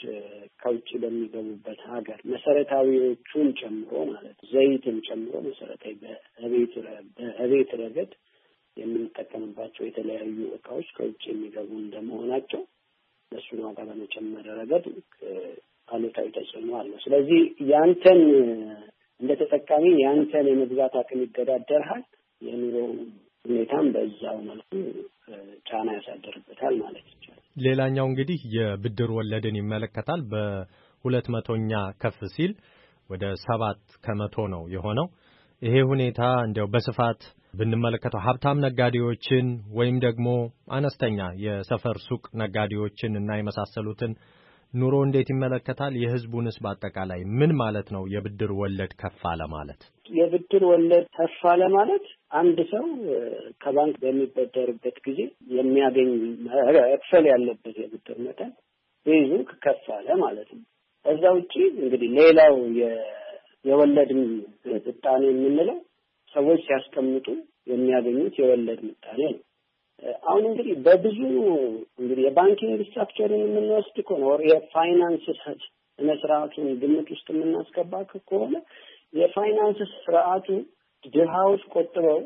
ከውጭ በሚገቡበት ሀገር መሰረታዊዎቹን ጨምሮ ማለት ዘይትን ጨምሮ መሰረታዊ በቤት ረገድ የምንጠቀምባቸው የተለያዩ እቃዎች ከውጭ የሚገቡ እንደመሆናቸው እነሱን ዋጋ በመጨመር ረገድ አሉታዊ ተጽዕኖ አለ። ስለዚህ ያንተን እንደ ተጠቃሚ ያንተን የመግዛት አቅም ይገዳደርሃል። የኑሮ ሁኔታም በዛው መልኩ ጫና ያሳደርበታል ማለት ይቻላል። ሌላኛው እንግዲህ የብድር ወለድን ይመለከታል። በሁለት መቶኛ ከፍ ሲል ወደ ሰባት ከመቶ ነው የሆነው። ይሄ ሁኔታ እንዲያው በስፋት ብንመለከተው ሀብታም ነጋዴዎችን ወይም ደግሞ አነስተኛ የሰፈር ሱቅ ነጋዴዎችን እና የመሳሰሉትን ኑሮ እንዴት ይመለከታል? የህዝቡንስ በአጠቃላይ ምን ማለት ነው? የብድር ወለድ ከፍ አለ ማለት የብድር ወለድ ከፍ አለ ማለት አንድ ሰው ከባንክ በሚበደርበት ጊዜ የሚያገኝ መክፈል ያለበት የብድር መጠን ቤዙ ከፍ አለ ማለት ነው። እዛ ውጪ እንግዲህ ሌላው የወለድ ምጣኔ የምንለው ሰዎች ሲያስቀምጡ የሚያገኙት የወለድ ምጣኔ ነው። አሁን እንግዲህ በብዙ እንግዲህ የባንኪንግ ስትራክቸርን የምንወስድ ከሆነ ወር የፋይናንስ ስነስርዓቱን ግምት ውስጥ የምናስገባ ከሆነ የፋይናንስ ስርዓቱ ድሃዎች ቆጥበው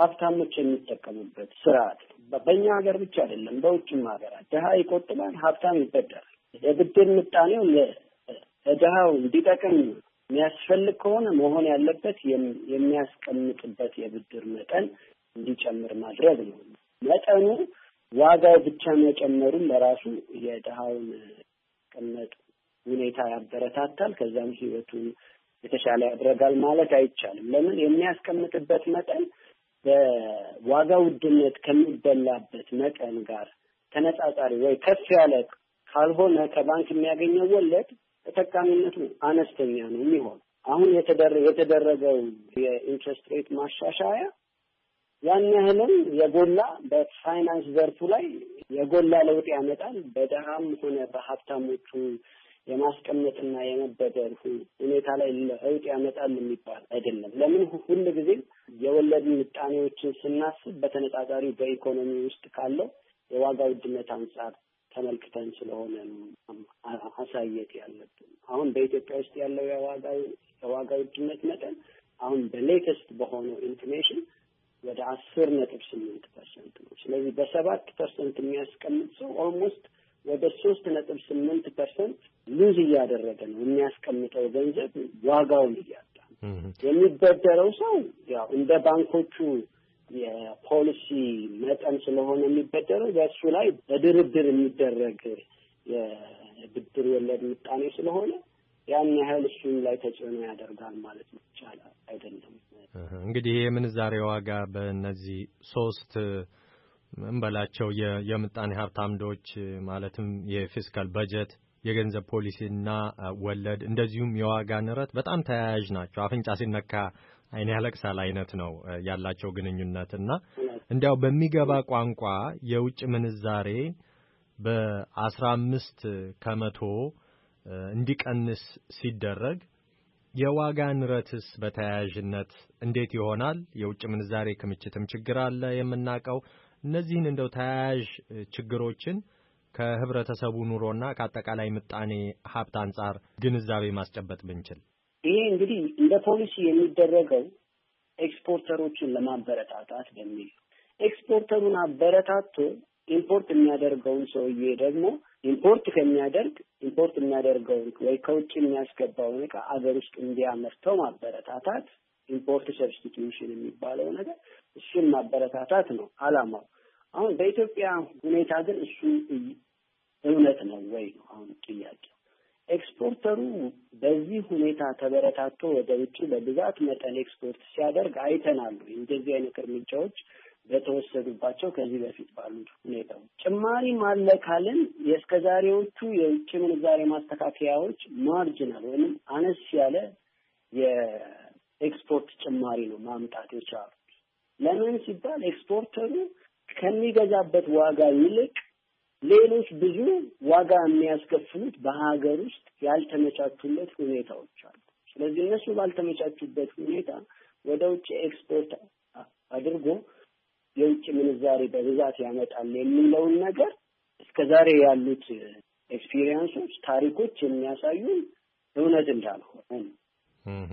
ሀብታሞች የሚጠቀሙበት ስርዓት ነው። በእኛ ሀገር ብቻ አይደለም፣ በውጭም ሀገራት ድሃ ይቆጥባል፣ ሀብታም ይበደራል። የብድር ምጣኔው ለድሃው እንዲጠቅም የሚያስፈልግ ከሆነ መሆን ያለበት የሚያስቀምጥበት የብድር መጠን እንዲጨምር ማድረግ ነው። መጠኑ ዋጋው ብቻ መጨመሩን ለራሱ የድሃውን ቅመጥ ሁኔታ ያበረታታል። ከዛም ህይወቱን የተሻለ ያድረጋል ማለት አይቻልም። ለምን የሚያስቀምጥበት መጠን በዋጋ ውድነት ከሚበላበት መጠን ጋር ተነጻጻሪ ወይ ከፍ ያለ ካልሆነ ከባንክ የሚያገኘው ወለድ ተጠቃሚነቱ አነስተኛ ነው የሚሆን። አሁን የተደረገው የኢንትረስት ሬት ማሻሻያ ያን ያህልም የጎላ በፋይናንስ ዘርፉ ላይ የጎላ ለውጥ ያመጣል በደሃም ሆነ በሀብታሞቹ የማስቀመጥና የመበደር ሁኔታ ላይ ለውጥ ያመጣል የሚባል አይደለም። ለምን ሁል ጊዜ የወለድ ምጣኔዎችን ስናስብ በተነጻጻሪ በኢኮኖሚ ውስጥ ካለው የዋጋ ውድነት አንጻር ተመልክተን ስለሆነ አሳየት ያለብን። አሁን በኢትዮጵያ ውስጥ ያለው የዋጋ ውድነት መጠን አሁን በሌተስት በሆነው ኢንፍሌሽን ወደ አስር ነጥብ ስምንት ፐርሰንት ነው። ስለዚህ በሰባት ፐርሰንት የሚያስቀምጥ ሰው ኦልሞስት ወደ ሶስት ነጥብ ስምንት ፐርሰንት ሉዝ እያደረገ ነው። የሚያስቀምጠው ገንዘብ ዋጋውን እያጣ የሚበደረው ሰው ያው እንደ ባንኮቹ የፖሊሲ መጠን ስለሆነ የሚበደረው በእሱ ላይ በድርድር የሚደረግ የብድር ወለድ ምጣኔ ስለሆነ ያን ያህል እሱም ላይ ተጽዕኖ ያደርጋል ማለት ነው ይቻላል። አይደለም እንግዲህ የምንዛሬ ዋጋ በእነዚህ ሶስት እንበላቸው የምጣኔ ሀብት አምዶች ማለትም የፊስካል በጀት፣ የገንዘብ ፖሊሲና ወለድ እንደዚሁም የዋጋ ንረት በጣም ተያያዥ ናቸው። አፍንጫ ሲነካ አይኔ ያለቅሳል አይነት ነው ያላቸው ግንኙነት እና እንዲያው በሚገባ ቋንቋ የውጭ ምንዛሬ በአስራ አምስት ከመቶ እንዲቀንስ ሲደረግ የዋጋ ንረትስ በተያያዥነት እንዴት ይሆናል? የውጭ ምንዛሬ ክምችትም ችግር አለ የምናውቀው። እነዚህን እንደው ተያያዥ ችግሮችን ከህብረተሰቡ ኑሮና ከአጠቃላይ ምጣኔ ሀብት አንጻር ግንዛቤ ማስጨበጥ ብንችል ይሄ እንግዲህ እንደ ፖሊሲ የሚደረገው ኤክስፖርተሮችን ለማበረታታት በሚል ኤክስፖርተሩን አበረታቶ ኢምፖርት የሚያደርገውን ሰውዬ ደግሞ ኢምፖርት ከሚያደርግ ኢምፖርት የሚያደርገውን ወይ ከውጭ የሚያስገባውን እቃ አገር ውስጥ እንዲያመርተው ማበረታታት ኢምፖርት ሰብስቲቱሽን የሚባለው ነገር እሱን ማበረታታት ነው አላማው። አሁን በኢትዮጵያ ሁኔታ ግን እሱ እውነት ነው ወይ ነው አሁን ጥያቄ። ኤክስፖርተሩ በዚህ ሁኔታ ተበረታቶ ወደ ውጭ በብዛት መጠን ኤክስፖርት ሲያደርግ አይተናሉ። እንደዚህ አይነት እርምጃዎች በተወሰዱባቸው ከዚህ በፊት ባሉት ሁኔታዎች ጭማሪም አለ ካልን የውጭ ምንዛሬ ማስተካከያዎች ማርጅናል ወይም አነስ ያለ የኤክስፖርት ጭማሪ ነው ማምጣት የቻሉት። ለምን ሲባል ኤክስፖርተሩ ከሚገዛበት ዋጋ ይልቅ ሌሎች ብዙ ዋጋ የሚያስከፍሉት በሀገር ውስጥ ያልተመቻቹለት ሁኔታዎች አሉ። ስለዚህ እነሱ ባልተመቻቹበት ሁኔታ ወደ ውጭ ኤክስፖርት አድርጎ የውጭ ምንዛሬ በብዛት ያመጣል የሚለውን ነገር እስከ ዛሬ ያሉት ኤክስፒሪየንሶች፣ ታሪኮች የሚያሳዩን እውነት እንዳልሆነ ነው።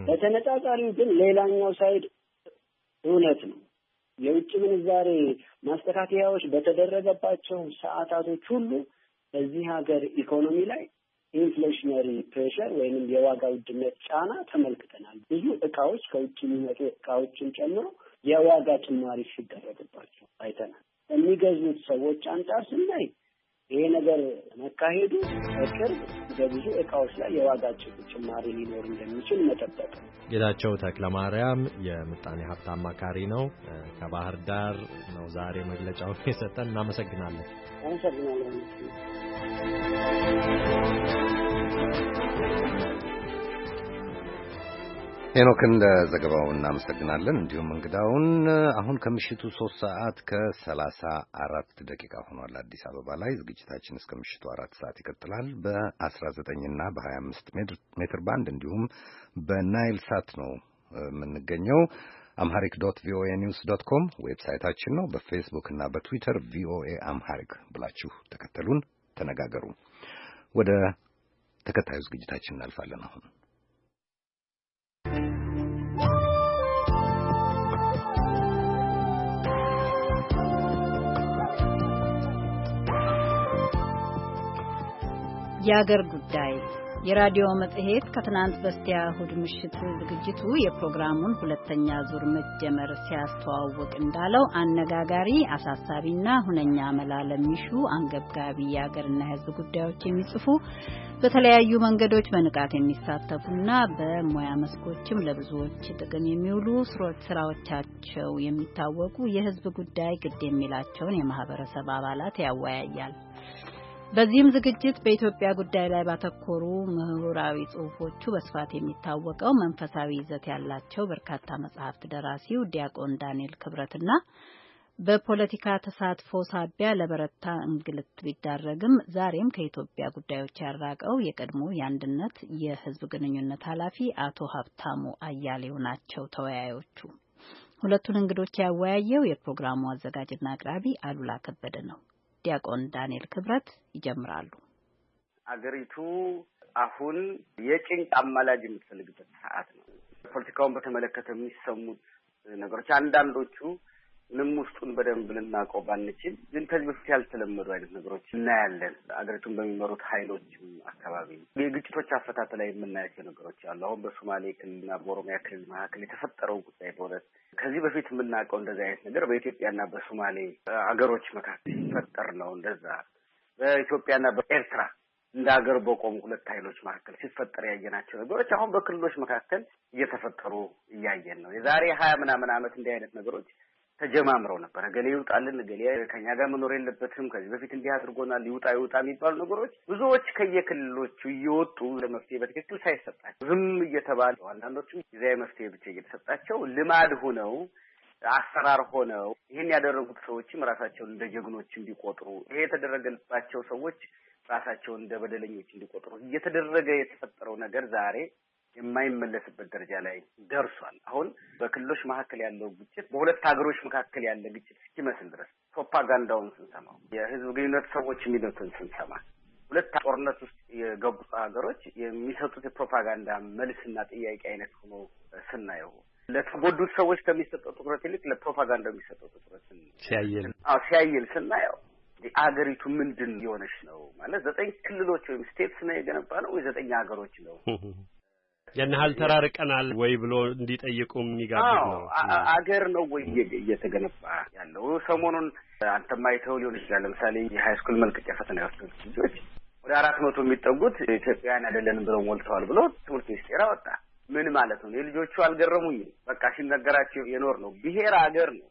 በተነጻጻሪው ግን ሌላኛው ሳይድ እውነት ነው። የውጭ ምንዛሬ ማስተካከያዎች በተደረገባቸው ሰዓታቶች ሁሉ በዚህ ሀገር ኢኮኖሚ ላይ ኢንፍሌሽነሪ ፕሬሽር ወይንም የዋጋ ውድነት ጫና ተመልክተናል። ብዙ እቃዎች ከውጭ የሚመጡ እቃዎችን ጨምሮ የዋጋ ጭማሪ ሲደረግባቸው አይተናል። የሚገዙት ሰዎች አንጻር ስናይ ይሄ ነገር መካሄዱ በቅርብ በብዙ እቃዎች ላይ የዋጋ ጭማሪ ሊኖር እንደሚችል መጠበቅ። ጌታቸው ተክለማርያም የምጣኔ ሀብት አማካሪ ነው። ከባህር ዳር ነው ዛሬ መግለጫውን የሰጠን። እናመሰግናለን። አመሰግናለሁ። ሄኖክን ለዘገባው እናመሰግናለን። እንዲሁም እንግዳውን አሁን ከምሽቱ ሶስት ሰዓት ከሰላሳ አራት ደቂቃ ሆኗል አዲስ አበባ ላይ። ዝግጅታችን እስከ ምሽቱ አራት ሰዓት ይቀጥላል። በአስራ ዘጠኝና በሀያ አምስት ሜትር ባንድ እንዲሁም በናይል ሳት ነው የምንገኘው። አምሃሪክ ዶት ቪኦኤ ኒውስ ዶት ኮም ዌብሳይታችን ነው። በፌስቡክ እና በትዊተር ቪኦኤ አምሃሪክ ብላችሁ ተከተሉን፣ ተነጋገሩ። ወደ ተከታዩ ዝግጅታችን እናልፋለን አሁን የአገር ጉዳይ የራዲዮ መጽሔት ከትናንት በስቲያ እሁድ ምሽት ዝግጅቱ የፕሮግራሙን ሁለተኛ ዙር መጀመር ሲያስተዋውቅ እንዳለው አነጋጋሪ፣ አሳሳቢና ሁነኛ መላ ለሚሹ አንገብጋቢ የአገርና ሕዝብ ጉዳዮች የሚጽፉ በተለያዩ መንገዶች በንቃት የሚሳተፉና በሙያ መስኮችም ለብዙዎች ጥቅም የሚውሉ ስራዎቻቸው የሚታወቁ የሕዝብ ጉዳይ ግድ የሚላቸውን የማህበረሰብ አባላት ያወያያል። በዚህም ዝግጅት በኢትዮጵያ ጉዳይ ላይ ባተኮሩ ምሁራዊ ጽሁፎቹ በስፋት የሚታወቀው መንፈሳዊ ይዘት ያላቸው በርካታ መጽሐፍት ደራሲው ዲያቆን ዳንኤል ክብረትና በፖለቲካ ተሳትፎ ሳቢያ ለበረታ እንግልት ቢዳረግም ዛሬም ከኢትዮጵያ ጉዳዮች ያራቀው የቀድሞ የአንድነት የሕዝብ ግንኙነት ኃላፊ አቶ ሀብታሙ አያሌው ናቸው ተወያዮቹ። ሁለቱን እንግዶች ያወያየው የፕሮግራሙ አዘጋጅና አቅራቢ አሉላ ከበደ ነው። ዲያቆን ዳንኤል ክብረት ይጀምራሉ። አገሪቱ አሁን የጭንቅ አማላጅ የምትፈልግበት ሰዓት ነው። ፖለቲካውን በተመለከተ የሚሰሙት ነገሮች አንዳንዶቹ ምንም ውስጡን በደንብ ልናውቀው ባንችል ግን ከዚህ በፊት ያልተለመዱ አይነት ነገሮች እናያለን። አገሪቱን በሚመሩት ኃይሎችም አካባቢ የግጭቶች አፈታት ላይ የምናያቸው ነገሮች አሉ። አሁን በሶማሌ ክልልና በኦሮሚያ ክልል መካከል የተፈጠረው ጉዳይ በእውነት ከዚህ በፊት የምናውቀው እንደዚህ አይነት ነገር በኢትዮጵያና በሶማሌ አገሮች መካከል ሲፈጠር ነው። እንደዛ በኢትዮጵያና በኤርትራ እንደ ሀገር በቆሙ ሁለት ኃይሎች መካከል ሲፈጠር ያየናቸው ነገሮች አሁን በክልሎች መካከል እየተፈጠሩ እያየን ነው። የዛሬ ሀያ ምናምን ዓመት እንዲህ አይነት ነገሮች ተጀማምረው ነበር። እገሌ ይውጣልን፣ እገሌ ከኛ ጋር መኖር የለበትም፣ ከዚህ በፊት እንዲህ አድርጎናል፣ ይውጣ ይውጣ የሚባሉ ነገሮች ብዙዎች ከየክልሎቹ እየወጡ ለመፍትሄ በትክክል ሳይሰጣቸው ዝም እየተባለ አንዳንዶቹ ጊዜያዊ መፍትሄ ብቻ እየተሰጣቸው ልማድ ሆነው አሰራር ሆነው ይህን ያደረጉት ሰዎችም ራሳቸውን እንደ ጀግኖች እንዲቆጥሩ ይሄ የተደረገባቸው ሰዎች ራሳቸውን እንደ በደለኞች እንዲቆጥሩ እየተደረገ የተፈጠረው ነገር ዛሬ የማይመለስበት ደረጃ ላይ ደርሷል። አሁን በክልሎች መካከል ያለው ግጭት በሁለት ሀገሮች መካከል ያለ ግጭት እስኪመስል ድረስ ፕሮፓጋንዳውን ስንሰማው፣ የህዝብ ግንኙነት ሰዎች የሚሉትን ስንሰማ ሁለት ጦርነት ውስጥ የገቡ ሀገሮች የሚሰጡት የፕሮፓጋንዳ መልስና ጥያቄ አይነት ሆኖ ስናየው ለተጎዱት ሰዎች ከሚሰጠው ትኩረት ይልቅ ለፕሮፓጋንዳ የሚሰጠው ትኩረት ሲያየል ሲያይል ስናየው አገሪቱ ምንድን የሆነች ነው ማለት ዘጠኝ ክልሎች ወይም ስቴትስ ነው የገነባ ነው ወይ ዘጠኝ ሀገሮች ነው ያን ያህል ተራርቀናል ወይ ብሎ እንዲጠይቁ የሚጋብዝ ነው። አገር ነው ወይ እየተገነባ ያለው? ሰሞኑን አንተ ማይተው ሊሆን ይችላል። ለምሳሌ ስኩል መልቀቂያ ፈተና የወሰዱት ልጆች ወደ አራት መቶ የሚጠጉት ኢትዮጵያውያን አይደለንም ብለው ሞልተዋል ብሎ ትምህርት ሚኒስቴር አወጣ። ምን ማለት ነው? የልጆቹ አልገረሙኝም። በቃ ሲነገራቸው የኖር ነው። ብሔር አገር ነው።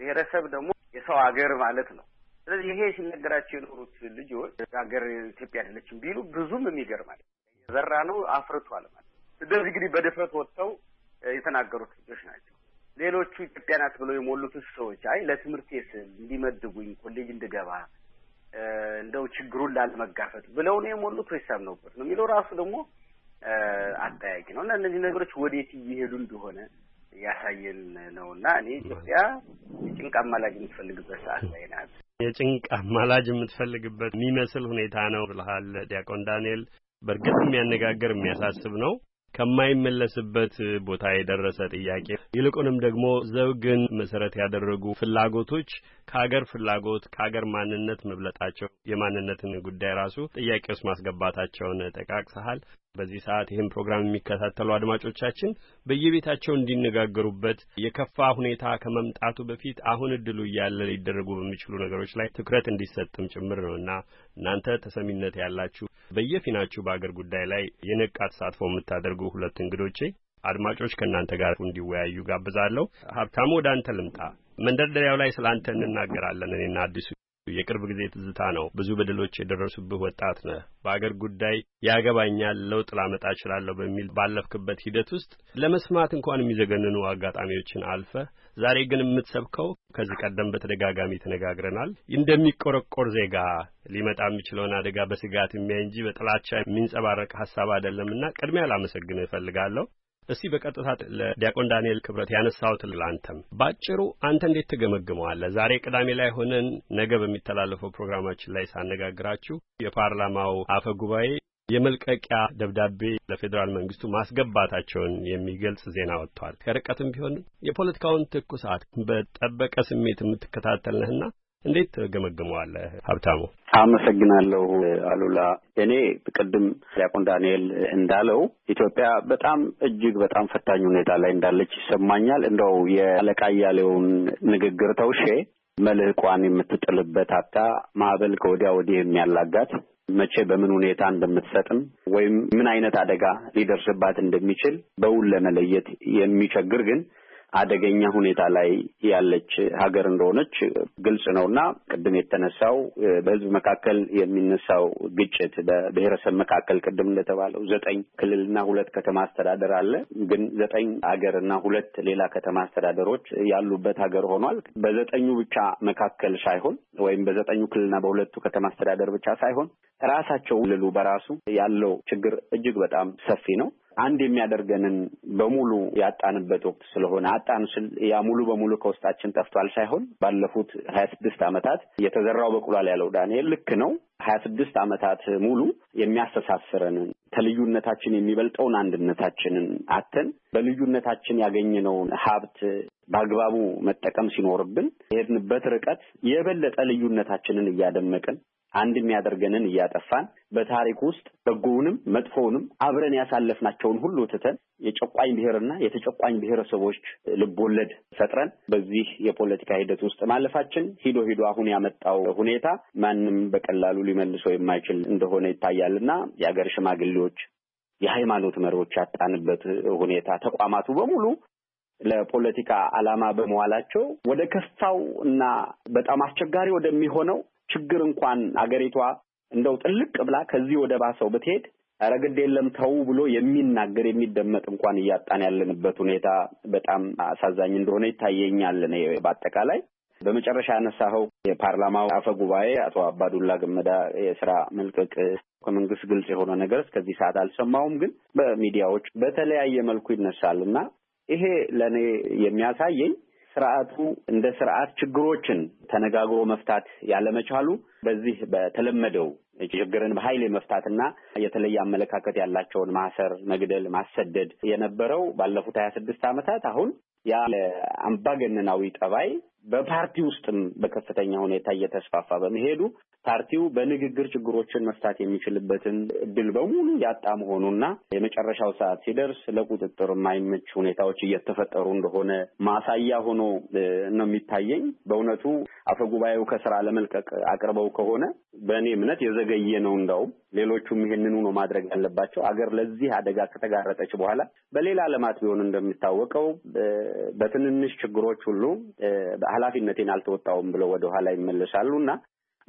ብሔረሰብ ደግሞ የሰው አገር ማለት ነው። ስለዚህ ይሄ ሲነገራቸው የኖሩት ልጆች ሀገር ኢትዮጵያ አይደለችም ቢሉ ብዙም የሚገርም አለ። ዘራ ነው አፍርቷል ማለት እንደዚህ እንግዲህ በድፍረት ወጥተው የተናገሩት ልጆች ናቸው። ሌሎቹ ኢትዮጵያ ናት ብለው የሞሉት ሰዎች አይ ለትምህርቴ ስል እንዲመድቡኝ ኮሌጅ እንድገባ እንደው ችግሩን ላለመጋፈጥ ብለው ነው የሞሉት ወይስ አምነውበት ነው የሚለው ራሱ ደግሞ አጠያቂ ነው እና እነዚህ ነገሮች ወዴት እየሄዱ እንደሆነ ያሳየን ነው እና እኔ ኢትዮጵያ የጭንቅ አማላጅ የምትፈልግበት ሰዓት ላይ ናት። የጭንቅ አማላጅ የምትፈልግበት የሚመስል ሁኔታ ነው ብልሃል ዲያቆን ዳንኤል። በእርግጥ የሚያነጋግር የሚያሳስብ ነው። ከማይመለስበት ቦታ የደረሰ ጥያቄ ይልቁንም ደግሞ ዘውግን መሰረት ያደረጉ ፍላጎቶች ከሀገር ፍላጎት ከሀገር ማንነት መብለጣቸው የማንነትን ጉዳይ ራሱ ጥያቄ ውስጥ ማስገባታቸውን ጠቃቅሰሃል። በዚህ ሰዓት ይህን ፕሮግራም የሚከታተሉ አድማጮቻችን በየቤታቸው እንዲነጋገሩበት የከፋ ሁኔታ ከመምጣቱ በፊት አሁን እድሉ እያለ ሊደረጉ በሚችሉ ነገሮች ላይ ትኩረት እንዲሰጥም ጭምር ነውና እናንተ ተሰሚነት ያላችሁ በየፊናችሁ በአገር ጉዳይ ላይ የነቃ ተሳትፎ የምታደርጉ ሁለት እንግዶቼ አድማጮች ከእናንተ ጋር እንዲወያዩ ጋብዛለሁ። ሀብታሙ ወደ አንተ ልምጣ። መንደርደሪያው ላይ ስለ አንተ እንናገራለን እኔና አዲሱ የቅርብ ጊዜ ትዝታ ነው። ብዙ በደሎች የደረሱብህ ወጣት ነህ። በአገር ጉዳይ ያገባኛል፣ ለውጥ ላመጣ እችላለሁ በሚል ባለፍክበት ሂደት ውስጥ ለመስማት እንኳን የሚዘገንኑ አጋጣሚዎችን አልፈ ዛሬ ግን የምትሰብከው ከዚህ ቀደም በተደጋጋሚ ተነጋግረናል፣ እንደሚቆረቆር ዜጋ ሊመጣ የሚችለውን አደጋ በስጋት የሚያይ እንጂ በጥላቻ የሚንጸባረቅ ሀሳብ አይደለምና ቅድሚያ ላመሰግንህ እፈልጋለሁ። እስቲ በቀጥታ ለዲያቆን ዳንኤል ክብረት ያነሳሁት ላንተም ባጭሩ አንተ እንዴት ትገመግመዋለህ? ዛሬ ቅዳሜ ላይ ሆነን ነገ በሚተላለፈው ፕሮግራማችን ላይ ሳነጋግራችሁ የፓርላማው አፈ ጉባኤ የመልቀቂያ ደብዳቤ ለፌዴራል መንግስቱ ማስገባታቸውን የሚገልጽ ዜና ወጥቷል። ከርቀትም ቢሆን የፖለቲካውን ትኩሳት በጠበቀ ስሜት የምትከታተል ነህና እንዴት ትገመግመዋለህ ሀብታሙ? አመሰግናለሁ አሉላ። እኔ ቅድም ዲያቆን ዳንኤል እንዳለው ኢትዮጵያ በጣም እጅግ በጣም ፈታኝ ሁኔታ ላይ እንዳለች ይሰማኛል። እንደው የአለቃ እያሌውን ንግግር ተውሼ መልህቋን የምትጥልበት አታ ማዕበል ከወዲያ ወዲህ የሚያላጋት መቼ በምን ሁኔታ እንደምትሰጥም ወይም ምን አይነት አደጋ ሊደርስባት እንደሚችል በውል ለመለየት የሚቸግር ግን አደገኛ ሁኔታ ላይ ያለች ሀገር እንደሆነች ግልጽ ነው እና ቅድም የተነሳው በህዝብ መካከል የሚነሳው ግጭት በብሔረሰብ መካከል ቅድም እንደተባለው ዘጠኝ ክልልና ሁለት ከተማ አስተዳደር አለ። ግን ዘጠኝ ሀገር እና ሁለት ሌላ ከተማ አስተዳደሮች ያሉበት ሀገር ሆኗል። በዘጠኙ ብቻ መካከል ሳይሆን ወይም በዘጠኙ ክልልና በሁለቱ ከተማ አስተዳደር ብቻ ሳይሆን ራሳቸው ክልሉ በራሱ ያለው ችግር እጅግ በጣም ሰፊ ነው። አንድ የሚያደርገንን በሙሉ ያጣንበት ወቅት ስለሆነ አጣን ስል ያ ሙሉ በሙሉ ከውስጣችን ጠፍቷል ሳይሆን ባለፉት ሀያ ስድስት አመታት የተዘራው በቁላል ያለው ዳንኤል ልክ ነው። ሀያ ስድስት አመታት ሙሉ የሚያስተሳስረንን ከልዩነታችን የሚበልጠውን አንድነታችንን አተን በልዩነታችን ያገኘነውን ሀብት በአግባቡ መጠቀም ሲኖርብን የሄድንበት ርቀት የበለጠ ልዩነታችንን እያደመቅን አንድ የሚያደርገንን እያጠፋን በታሪክ ውስጥ በጎውንም መጥፎውንም አብረን ያሳለፍናቸውን ሁሉ ትተን የጨቋኝ ብሔርና የተጨቋኝ ብሔረሰቦች ልቦለድ ፈጥረን በዚህ የፖለቲካ ሂደት ውስጥ ማለፋችን ሂዶ ሂዶ አሁን ያመጣው ሁኔታ ማንም በቀላሉ ሊመልሰው የማይችል እንደሆነ ይታያልና የሀገር ሽማግሌዎች፣ የሃይማኖት መሪዎች ያጣንበት ሁኔታ ተቋማቱ በሙሉ ለፖለቲካ ዓላማ በመዋላቸው ወደ ከፋው እና በጣም አስቸጋሪ ወደሚሆነው ችግር እንኳን አገሪቷ እንደው ጥልቅ ብላ ከዚህ ወደ ባሰው ብትሄድ ኧረ ግድ የለም ተው ብሎ የሚናገር የሚደመጥ እንኳን እያጣን ያለንበት ሁኔታ በጣም አሳዛኝ እንደሆነ ይታየኛል። በአጠቃላይ በመጨረሻ ያነሳኸው የፓርላማው አፈ ጉባኤ አቶ አባዱላ ገመዳ የስራ መልቀቅ ከመንግስት ግልጽ የሆነ ነገር እስከዚህ ሰዓት አልሰማውም ግን በሚዲያዎች በተለያየ መልኩ ይነሳል እና ይሄ ለእኔ የሚያሳየኝ ስርዓቱ እንደ ስርዓት ችግሮችን ተነጋግሮ መፍታት ያለመቻሉ በዚህ በተለመደው ችግርን በኃይል መፍታትና የተለየ አመለካከት ያላቸውን ማሰር፣ መግደል፣ ማሰደድ የነበረው ባለፉት ሀያ ስድስት ዓመታት አሁን ያ ለአምባገነናዊ ጠባይ በፓርቲ ውስጥም በከፍተኛ ሁኔታ እየተስፋፋ በመሄዱ ፓርቲው በንግግር ችግሮችን መፍታት የሚችልበትን እድል በሙሉ ያጣ መሆኑና የመጨረሻው ሰዓት ሲደርስ ለቁጥጥር የማይመች ሁኔታዎች እየተፈጠሩ እንደሆነ ማሳያ ሆኖ ነው የሚታየኝ። በእውነቱ አፈጉባኤው ከስራ ለመልቀቅ አቅርበው ከሆነ በእኔ እምነት የዘገየ ነው። እንዳውም ሌሎቹም ይህንኑ ነው ማድረግ ያለባቸው። አገር ለዚህ አደጋ ከተጋረጠች በኋላ በሌላ ልማት ቢሆን እንደሚታወቀው በትንንሽ ችግሮች ሁሉ ኃላፊነቴን አልተወጣውም ብለው ወደኋላ ይመለሳሉ እና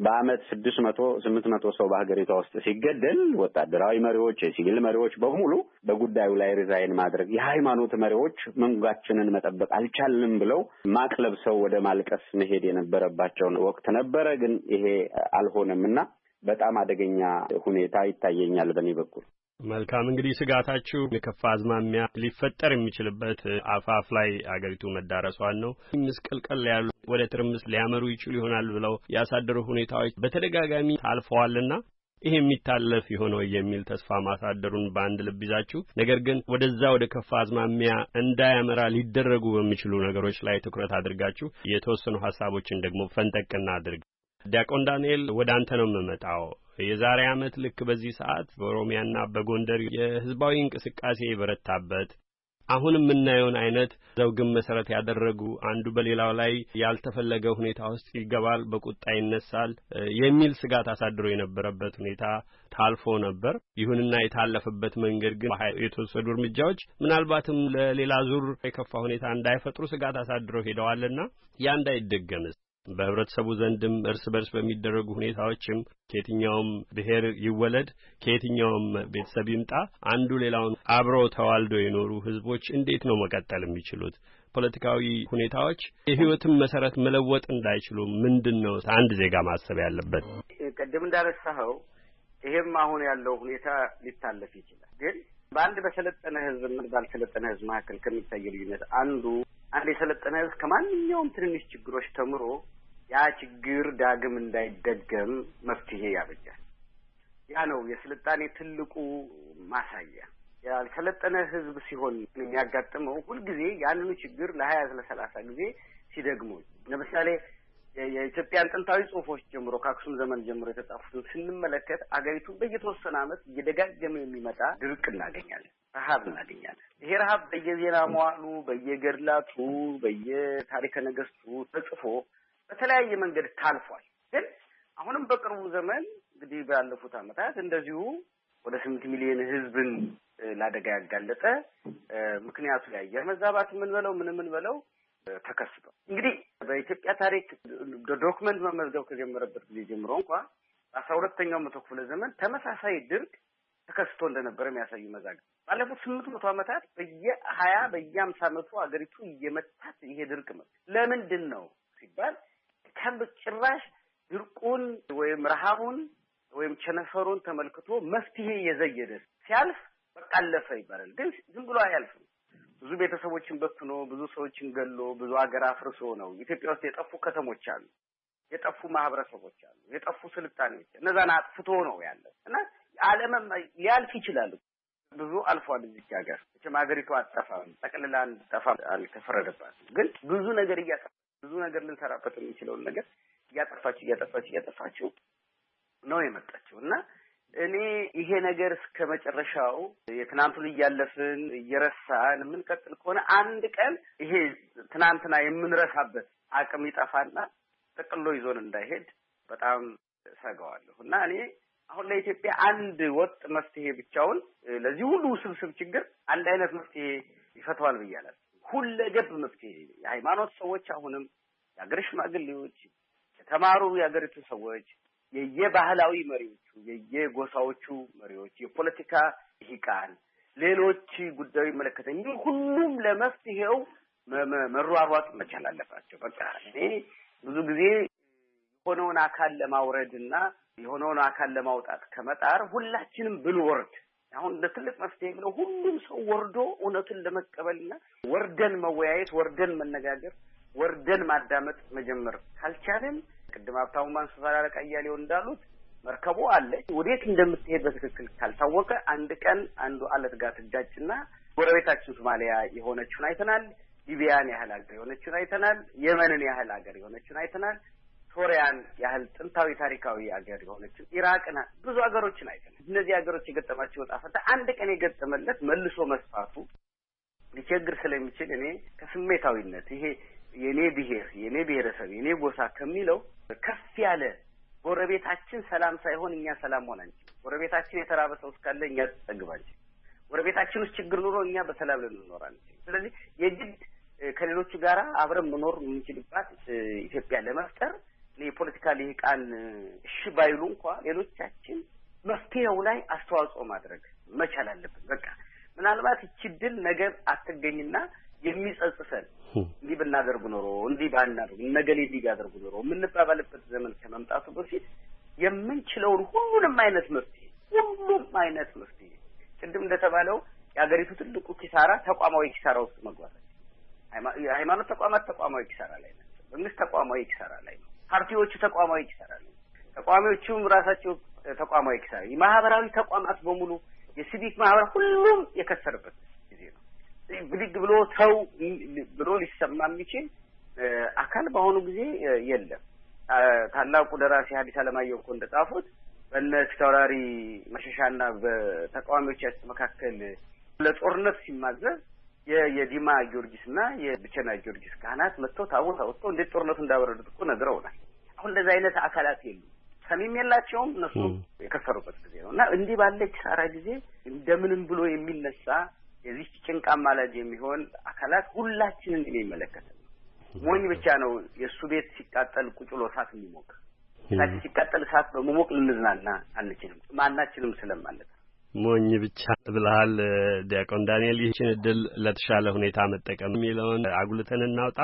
በአመት ስድስት መቶ ስምንት መቶ ሰው በሀገሪቷ ውስጥ ሲገደል ወታደራዊ መሪዎች፣ የሲቪል መሪዎች በሙሉ በጉዳዩ ላይ ሪዛይን ማድረግ፣ የሃይማኖት መሪዎች መንጋችንን መጠበቅ አልቻልንም ብለው ማቅለብ ሰው ወደ ማልቀስ መሄድ የነበረባቸውን ወቅት ነበረ። ግን ይሄ አልሆነም እና በጣም አደገኛ ሁኔታ ይታየኛል በእኔ በኩል። መልካም እንግዲህ ስጋታችሁ የከፋ አዝማሚያ ሊፈጠር የሚችልበት አፋፍ ላይ አገሪቱ መዳረሷን ነው። ምስቅልቅል ያሉ ወደ ትርምስ ሊያመሩ ይችሉ ይሆናል ብለው ያሳደሩ ሁኔታዎች በተደጋጋሚ ታልፈዋልና ይሄ የሚታለፍ የሆነው የሚል ተስፋ ማሳደሩን በአንድ ልብ ይዛችሁ፣ ነገር ግን ወደዛ ወደ ከፋ አዝማሚያ እንዳያመራ ሊደረጉ በሚችሉ ነገሮች ላይ ትኩረት አድርጋችሁ የተወሰኑ ሀሳቦችን ደግሞ ፈንጠቅና አድርግ ዲያቆን ዳንኤል ወደ አንተ ነው የምመጣው። የዛሬ ዓመት ልክ በዚህ ሰዓት በኦሮሚያና በጎንደር የህዝባዊ እንቅስቃሴ የበረታበት አሁን የምናየውን አይነት ዘውግን መሰረት ያደረጉ አንዱ በሌላው ላይ ያልተፈለገ ሁኔታ ውስጥ ይገባል፣ በቁጣ ይነሳል የሚል ስጋት አሳድሮ የነበረበት ሁኔታ ታልፎ ነበር። ይሁንና የታለፈበት መንገድ ግን የተወሰዱ እርምጃዎች ምናልባትም ለሌላ ዙር የከፋ ሁኔታ እንዳይፈጥሩ ስጋት አሳድረው ሄደዋልና ያ እንዳይደገምስ በህብረተሰቡ ዘንድም እርስ በርስ በሚደረጉ ሁኔታዎችም ከየትኛውም ብሔር ይወለድ ከየትኛውም ቤተሰብ ይምጣ አንዱ ሌላውን አብሮ ተዋልዶ የኖሩ ህዝቦች እንዴት ነው መቀጠል የሚችሉት? ፖለቲካዊ ሁኔታዎች የህይወትን መሰረት መለወጥ እንዳይችሉ ምንድን ነው አንድ ዜጋ ማሰብ ያለበት? ቅድም እንዳነሳኸው ይሄም አሁን ያለው ሁኔታ ሊታለፍ ይችላል። ግን በአንድ በሰለጠነ ህዝብና ባልሰለጠነ ህዝብ መካከል ከሚታየ ልዩነት አንዱ አንድ የሰለጠነ ህዝብ ከማንኛውም ትንንሽ ችግሮች ተምሮ ያ ችግር ዳግም እንዳይደገም መፍትሄ ያበጃል። ያ ነው የስልጣኔ ትልቁ ማሳያ። ያልሰለጠነ ህዝብ ሲሆን የሚያጋጥመው ሁልጊዜ ያንኑ ችግር ለሀያ ለሰላሳ ጊዜ ሲደግሙ ለምሳሌ የኢትዮጵያን ጥንታዊ ጽሁፎች ጀምሮ ከአክሱም ዘመን ጀምሮ የተጻፉትን ስንመለከት አገሪቱ በየተወሰነ ዓመት እየደጋገመ የሚመጣ ድርቅ እናገኛለን፣ ረሀብ እናገኛለን። ይሄ ረሀብ በየዜና መዋሉ፣ በየገድላቱ፣ በየታሪከ ነገስቱ ተጽፎ በተለያየ መንገድ ታልፏል። ግን አሁንም በቅርቡ ዘመን እንግዲህ ባለፉት ዓመታት እንደዚሁ ወደ ስምንት ሚሊዮን ህዝብን ለአደጋ ያጋለጠ ምክንያቱ የአየር መዛባት የምንበለው ምን የምንበለው ተከስቶ እንግዲህ በኢትዮጵያ ታሪክ ዶክመንት መመዝገብ ከጀመረበት ጊዜ ጀምሮ እንኳ አስራ ሁለተኛው መቶ ክፍለ ዘመን ተመሳሳይ ድርቅ ተከስቶ እንደነበረ የሚያሳዩ መዛግብ ባለፉት ስምንት መቶ ዓመታት በየሀያ በየአምሳ ዓመቱ አገሪቱ እየመታት ይሄ ድርቅ መ ለምንድን ነው ሲባል ጭራሽ ድርቁን ወይም ረሃቡን ወይም ቸነፈሩን ተመልክቶ መፍትሄ የዘየደ ሲያልፍ በቃ አለፈ ይባላል። ግን ዝም ብሎ አያልፍም። ብዙ ቤተሰቦችን በትኖ ብዙ ሰዎችን ገሎ ብዙ ሀገር አፍርሶ ነው። ኢትዮጵያ ውስጥ የጠፉ ከተሞች አሉ፣ የጠፉ ማህበረሰቦች አሉ፣ የጠፉ ስልጣኔዎች እነዛን አጥፍቶ ነው ያለው እና አለምም ሊያልፍ ይችላሉ ብዙ አልፏል። እዚች ሀገር መቼም ሀገሪቱ አጠፋም ጠቅልላ እንድጠፋ አልተፈረደባትም። ግን ብዙ ነገር እያጠፋ ብዙ ነገር ልንሰራበት የሚችለውን ነገር እያጠፋችሁ እያጠፋችሁ እያጠፋችሁ ነው የመጣችው እና እኔ ይሄ ነገር እስከ መጨረሻው የትናንቱን እያለፍን እየረሳን የምንቀጥል ከሆነ አንድ ቀን ይሄ ትናንትና የምንረሳበት አቅም ይጠፋና ጥቅሎ ይዞን እንዳይሄድ በጣም ሰጋዋለሁ እና እኔ አሁን ለኢትዮጵያ አንድ ወጥ መፍትሄ ብቻውን ለዚህ ሁሉ ውስብስብ ችግር አንድ አይነት መፍትሄ ይፈተዋል ብያለሁ። ሁለገብ መፍትሄ የሃይማኖት ሰዎች አሁንም የሀገር ሽማግሌዎች፣ የተማሩ የሀገሪቱ ሰዎች የየባህላዊ መሪዎቹ፣ የየጎሳዎቹ መሪዎች፣ የፖለቲካ ሂቃን፣ ሌሎች ጉዳዩ ይመለከተኝ ሁሉም ለመፍትሄው መሯሯጥ መቻል አለባቸው። በቃ እኔ ብዙ ጊዜ የሆነውን አካል ለማውረድ እና የሆነውን አካል ለማውጣት ከመጣር ሁላችንም ብንወርድ አሁን እንደ ትልቅ መፍትሄ ብለው ሁሉም ሰው ወርዶ እውነቱን ለመቀበልና ወርደን መወያየት፣ ወርደን መነጋገር፣ ወርደን ማዳመጥ መጀመር ካልቻለም ቅድም ሀብታሙ ማንሰሳሪያ አለቃ እያሌው እንዳሉት መርከቡ አለች። ወዴት እንደምትሄድ በትክክል ካልታወቀ አንድ ቀን አንዱ አለት ጋር ትጋጭና ጎረቤታችን ሶማሊያ የሆነችውን አይተናል። ሊቢያን ያህል ሀገር የሆነችውን አይተናል። የመንን ያህል ሀገር የሆነችውን አይተናል። ሶሪያን ያህል ጥንታዊ ታሪካዊ ሀገር የሆነችን ኢራቅን፣ ብዙ ሀገሮችን አይተናል። እነዚህ ሀገሮች የገጠማቸው ወጣ ፈንታ አንድ ቀን የገጠመለት መልሶ መስፋቱ ሊቸግር ስለሚችል እኔ ከስሜታዊነት ይሄ የእኔ ብሄር የእኔ ብሄረሰብ የእኔ ጎሳ ከሚለው ከፍ ያለ ጎረቤታችን ሰላም ሳይሆን እኛ ሰላም ሆን እንጂ ጎረቤታችን የተራበ ሰው እስካለ እኛ ጠግብ እንጂ ጎረቤታችን ውስጥ ችግር ኑሮ እኛ በሰላም ልንኖር አንችል። ስለዚህ የግድ ከሌሎቹ ጋር አብረን መኖር የምንችልባት ኢትዮጵያ ለመፍጠር የፖለቲካ ልሂቃን እሺ ባይሉ እንኳ ሌሎቻችን መፍትሄው ላይ አስተዋጽኦ ማድረግ መቻል አለብን። በቃ ምናልባት ይቺ ነገር አትገኝና የሚጸጽፈን እንዲህ ብናደርጉ ኖሮ እንዲህ ባናደርጉ ነገሌ እንዲህ ቢያደርጉ ኖሮ የምንባባልበት ዘመን ከመምጣቱ በፊት የምንችለውን ሁሉንም አይነት መፍትሄ ሁሉም አይነት መፍትሄ ቅድም እንደተባለው የሀገሪቱ ትልቁ ኪሳራ ተቋማዊ ኪሳራ ውስጥ መግባታችን። የሃይማኖት ተቋማት ተቋማዊ ኪሳራ ላይ ናቸው። መንግስት ተቋማዊ ኪሳራ ላይ ነው። ፓርቲዎቹ ተቋማዊ ኪሳራ ላይ ተቋሚዎቹም ራሳቸው ተቋማዊ ኪሳራ፣ ማህበራዊ ተቋማት በሙሉ የሲቪክ ማህበራ ሁሉም የከሰርበት ብድግ ብሎ ተው ብሎ ሊሰማ የሚችል አካል በአሁኑ ጊዜ የለም። ታላቁ ደራሲ ሐዲስ ዓለማየሁ እኮ እንደጻፉት በነ ተወራሪ መሸሻና በተቃዋሚዎቻቸው መካከል ለጦርነት ሲማዘዝ የዲማ ጊዮርጊስና የብቸና ጊዮርጊስ ካህናት መጥተው ታቦት አውጥተው እንዴት ጦርነቱ እንዳበረዱት እኮ ነግረውናል። አሁን እንደዚህ አይነት አካላት የሉ ሰሚም የላቸውም። እነሱ የከሰሩበት ጊዜ ነው እና እንዲህ ባለ ኪሳራ ጊዜ እንደምንም ብሎ የሚነሳ የዚህ ጭንቃ ማለት የሚሆን አካላት ሁላችንን የሚመለከት ሞኝ ብቻ ነው የእሱ ቤት ሲቃጠል ቁጭሎ ብሎ እሳት የሚሞቅ ሲቃጠል እሳት በመሞቅ ልንዝናና አንችልም ማናችንም ስለማለት ሞኝ ብቻ ብለሃል ዲያቆን ዳንኤል። ይህችን እድል ለተሻለ ሁኔታ መጠቀም የሚለውን አጉልተን እናውጣ።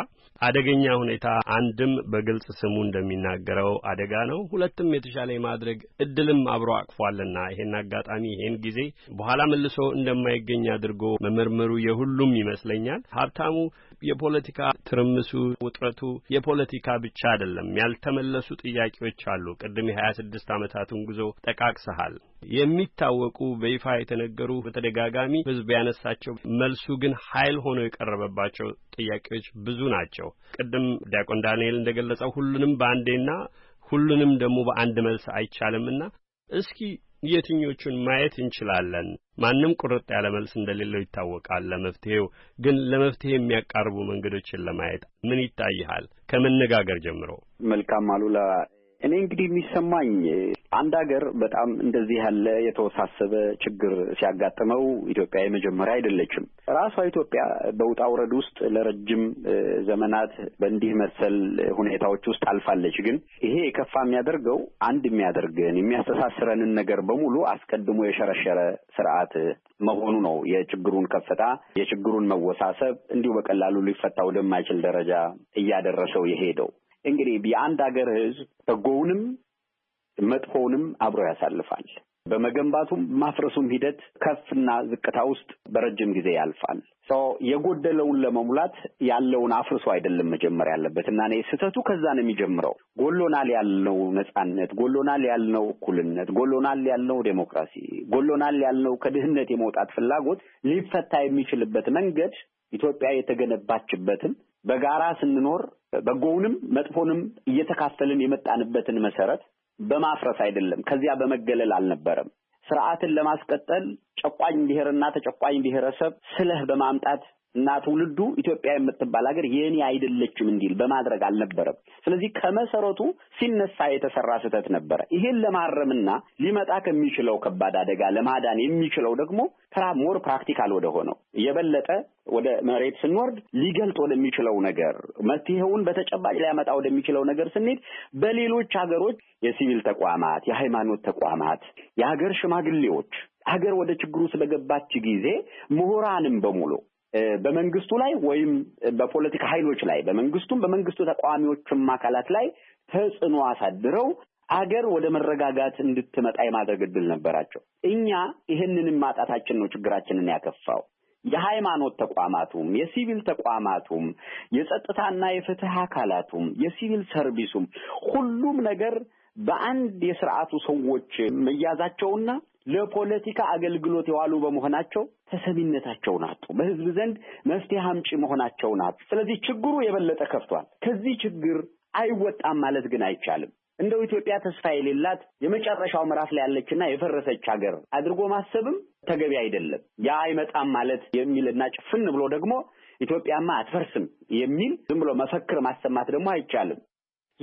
አደገኛ ሁኔታ አንድም በግልጽ ስሙ እንደሚናገረው አደጋ ነው፣ ሁለትም የተሻለ የማድረግ እድልም አብሮ አቅፏልና ይሄን አጋጣሚ ይሄን ጊዜ በኋላ መልሶ እንደማይገኝ አድርጎ መመርመሩ የሁሉም ይመስለኛል ሀብታሙ የፖለቲካ ትርምሱ፣ ውጥረቱ የፖለቲካ ብቻ አይደለም። ያልተመለሱ ጥያቄዎች አሉ። ቅድም የሀያ ስድስት ዓመታቱን ጉዞ ጠቃቅሰሃል። የሚታወቁ በይፋ የተነገሩ በተደጋጋሚ ህዝብ ያነሳቸው መልሱ ግን ኃይል ሆኖ የቀረበባቸው ጥያቄዎች ብዙ ናቸው። ቅድም ዲያቆን ዳንኤል እንደገለጸው ሁሉንም በአንዴና ሁሉንም ደግሞ በአንድ መልስ አይቻልምና እስኪ የትኞቹን ማየት እንችላለን? ማንም ቁርጥ ያለ መልስ እንደሌለው ይታወቃል። ለመፍትሄው ግን ለመፍትሄ የሚያቃርቡ መንገዶችን ለማየት ምን ይታይሃል? ከመነጋገር ጀምሮ። መልካም አሉላ፣ እኔ እንግዲህ የሚሰማኝ አንድ ሀገር በጣም እንደዚህ ያለ የተወሳሰበ ችግር ሲያጋጥመው ኢትዮጵያ የመጀመሪያ አይደለችም። ራሷ ኢትዮጵያ በውጣ ውረድ ውስጥ ለረጅም ዘመናት በእንዲህ መሰል ሁኔታዎች ውስጥ አልፋለች። ግን ይሄ የከፋ የሚያደርገው አንድ የሚያደርገን የሚያስተሳስረንን ነገር በሙሉ አስቀድሞ የሸረሸረ ስርዓት መሆኑ ነው። የችግሩን ከፍታ፣ የችግሩን መወሳሰብ እንዲሁ በቀላሉ ሊፈታ ወደማይችል ደረጃ እያደረሰው የሄደው እንግዲህ የአንድ ሀገር ህዝብ በጎውንም መጥፎውንም አብሮ ያሳልፋል። በመገንባቱም ማፍረሱም ሂደት ከፍና ዝቅታ ውስጥ በረጅም ጊዜ ያልፋል። ሰው የጎደለውን ለመሙላት ያለውን አፍርሶ አይደለም መጀመር ያለበት እና እኔ ስህተቱ ከዛ ነው የሚጀምረው። ጎሎናል ያልነው ነጻነት፣ ጎሎናል ያልነው እኩልነት፣ ጎሎናል ያልነው ዴሞክራሲ፣ ጎሎናል ያልነው ከድህነት የመውጣት ፍላጎት ሊፈታ የሚችልበት መንገድ ኢትዮጵያ የተገነባችበትን በጋራ ስንኖር በጎውንም መጥፎንም እየተካፈልን የመጣንበትን መሰረት በማፍረስ አይደለም፣ ከዚያ በመገለል አልነበረም። ስርዓትን ለማስቀጠል ጨቋኝ ብሔርና ተጨቋኝ ብሔረሰብ ስለህ በማምጣት እና ትውልዱ ኢትዮጵያ የምትባል ሀገር የኔ አይደለችም እንዲል በማድረግ አልነበረም። ስለዚህ ከመሰረቱ ሲነሳ የተሰራ ስህተት ነበረ። ይሄን ለማረምና ሊመጣ ከሚችለው ከባድ አደጋ ለማዳን የሚችለው ደግሞ ተራ ሞር ፕራክቲካል ወደ ሆነው የበለጠ ወደ መሬት ስንወርድ ሊገልጥ ወደሚችለው ነገር መፍትሄውን በተጨባጭ ሊያመጣ ወደሚችለው ነገር ስንሄድ በሌሎች ሀገሮች የሲቪል ተቋማት፣ የሃይማኖት ተቋማት፣ የሀገር ሽማግሌዎች ሀገር ወደ ችግሩ ስለገባች ጊዜ ምሁራንም በሙሉ በመንግስቱ ላይ ወይም በፖለቲካ ኃይሎች ላይ በመንግስቱም በመንግስቱ ተቃዋሚዎችም አካላት ላይ ተጽዕኖ አሳድረው አገር ወደ መረጋጋት እንድትመጣ የማድረግ እድል ነበራቸው። እኛ ይህንንም ማጣታችን ነው ችግራችንን ያከፋው። የሃይማኖት ተቋማቱም፣ የሲቪል ተቋማቱም፣ የጸጥታና የፍትህ አካላቱም፣ የሲቪል ሰርቪሱም ሁሉም ነገር በአንድ የስርዓቱ ሰዎች መያዛቸውና ለፖለቲካ አገልግሎት የዋሉ በመሆናቸው ተሰሚነታቸውን አጡ። በህዝብ ዘንድ መፍትሄ አምጪ መሆናቸውን አጡ። ስለዚህ ችግሩ የበለጠ ከፍቷል። ከዚህ ችግር አይወጣም ማለት ግን አይቻልም። እንደው ኢትዮጵያ ተስፋ የሌላት የመጨረሻው ምዕራፍ ላይ ያለችና የፈረሰች ሀገር አድርጎ ማሰብም ተገቢ አይደለም። ያ አይመጣም ማለት የሚልና ጭፍን ብሎ ደግሞ ኢትዮጵያማ አትፈርስም የሚል ዝም ብሎ መፈክር ማሰማት ደግሞ አይቻልም።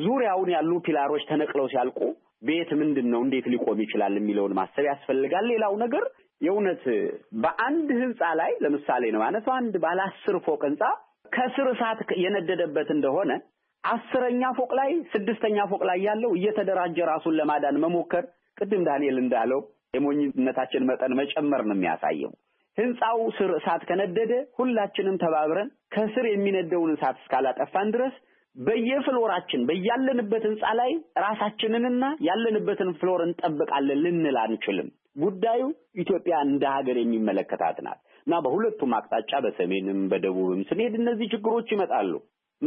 ዙሪያውን ያሉ ፒላሮች ተነቅለው ሲያልቁ ቤት ምንድን ነው እንዴት ሊቆም ይችላል የሚለውን ማሰብ ያስፈልጋል። ሌላው ነገር የእውነት በአንድ ህንፃ ላይ ለምሳሌ ነው ማለት አንድ ባለ አስር ፎቅ ህንፃ ከስር እሳት የነደደበት እንደሆነ አስረኛ ፎቅ ላይ ስድስተኛ ፎቅ ላይ ያለው እየተደራጀ ራሱን ለማዳን መሞከር ቅድም ዳንኤል እንዳለው የሞኝነታችን መጠን መጨመር ነው የሚያሳየው። ህንፃው ስር እሳት ከነደደ ሁላችንም ተባብረን ከስር የሚነደውን እሳት እስካላጠፋን ድረስ በየፍሎራችን በያለንበት ህንፃ ላይ ራሳችንንና ያለንበትን ፍሎር እንጠብቃለን ልንል አንችልም። ጉዳዩ ኢትዮጵያ እንደ ሀገር የሚመለከታት ናት እና በሁለቱም አቅጣጫ በሰሜንም በደቡብም ስንሄድ እነዚህ ችግሮች ይመጣሉ።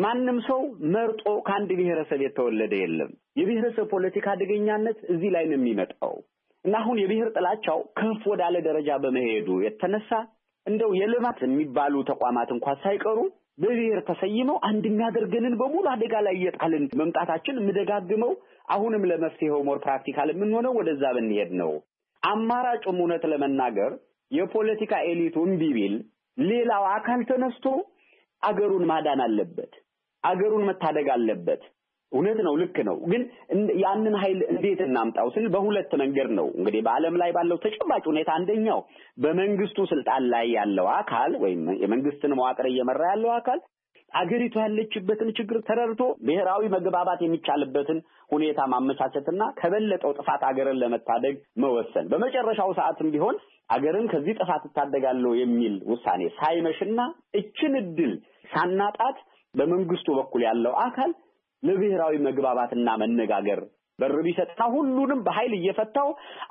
ማንም ሰው መርጦ ከአንድ ብሔረሰብ የተወለደ የለም። የብሔረሰብ ፖለቲካ አደገኛነት እዚህ ላይ ነው የሚመጣው እና አሁን የብሔር ጥላቻው ከፍ ወዳለ ደረጃ በመሄዱ የተነሳ እንደው የልማት የሚባሉ ተቋማት እንኳን ሳይቀሩ በብሔር ተሰይመው አንድ የሚያደርገንን በሙሉ አደጋ ላይ እየጣልን መምጣታችን የምደጋግመው አሁንም ለመፍትሄው ሞር ፕራክቲካል የምንሆነው ወደዛ ብንሄድ ነው። አማራጭም እውነት ለመናገር የፖለቲካ ኤሊቱ እምቢ ቢል ሌላው አካል ተነስቶ አገሩን ማዳን አለበት፣ አገሩን መታደግ አለበት፣ እውነት ነው፣ ልክ ነው። ግን ያንን ኃይል እንዴት እናምጣው ስል በሁለት መንገድ ነው እንግዲህ በዓለም ላይ ባለው ተጨባጭ ሁኔታ፣ አንደኛው በመንግስቱ ስልጣን ላይ ያለው አካል ወይም የመንግስትን መዋቅር እየመራ ያለው አካል አገሪቱ ያለችበትን ችግር ተረድቶ ብሔራዊ መግባባት የሚቻልበትን ሁኔታ ማመቻቸትና ከበለጠው ጥፋት አገርን ለመታደግ መወሰን በመጨረሻው ሰዓትም ቢሆን አገርን ከዚህ ጥፋት እታደጋለሁ የሚል ውሳኔ ሳይመሽና እችን እድል ሳናጣት በመንግስቱ በኩል ያለው አካል ለብሔራዊ መግባባትና መነጋገር በር ቢሰጥና ሁሉንም በኃይል እየፈታው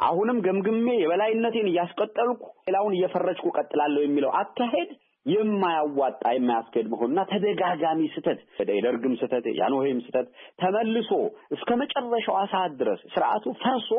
አሁንም ገምግሜ የበላይነቴን እያስቀጠልኩ ሌላውን እየፈረጅኩ ቀጥላለሁ የሚለው አካሄድ የማያዋጣ የማያስኬድ መሆኑና ተደጋጋሚ ስህተት የደርግም ስህተት ያኖሄም ስህተት ተመልሶ እስከ መጨረሻው ሰዓት ድረስ ስርዓቱ ፈርሶ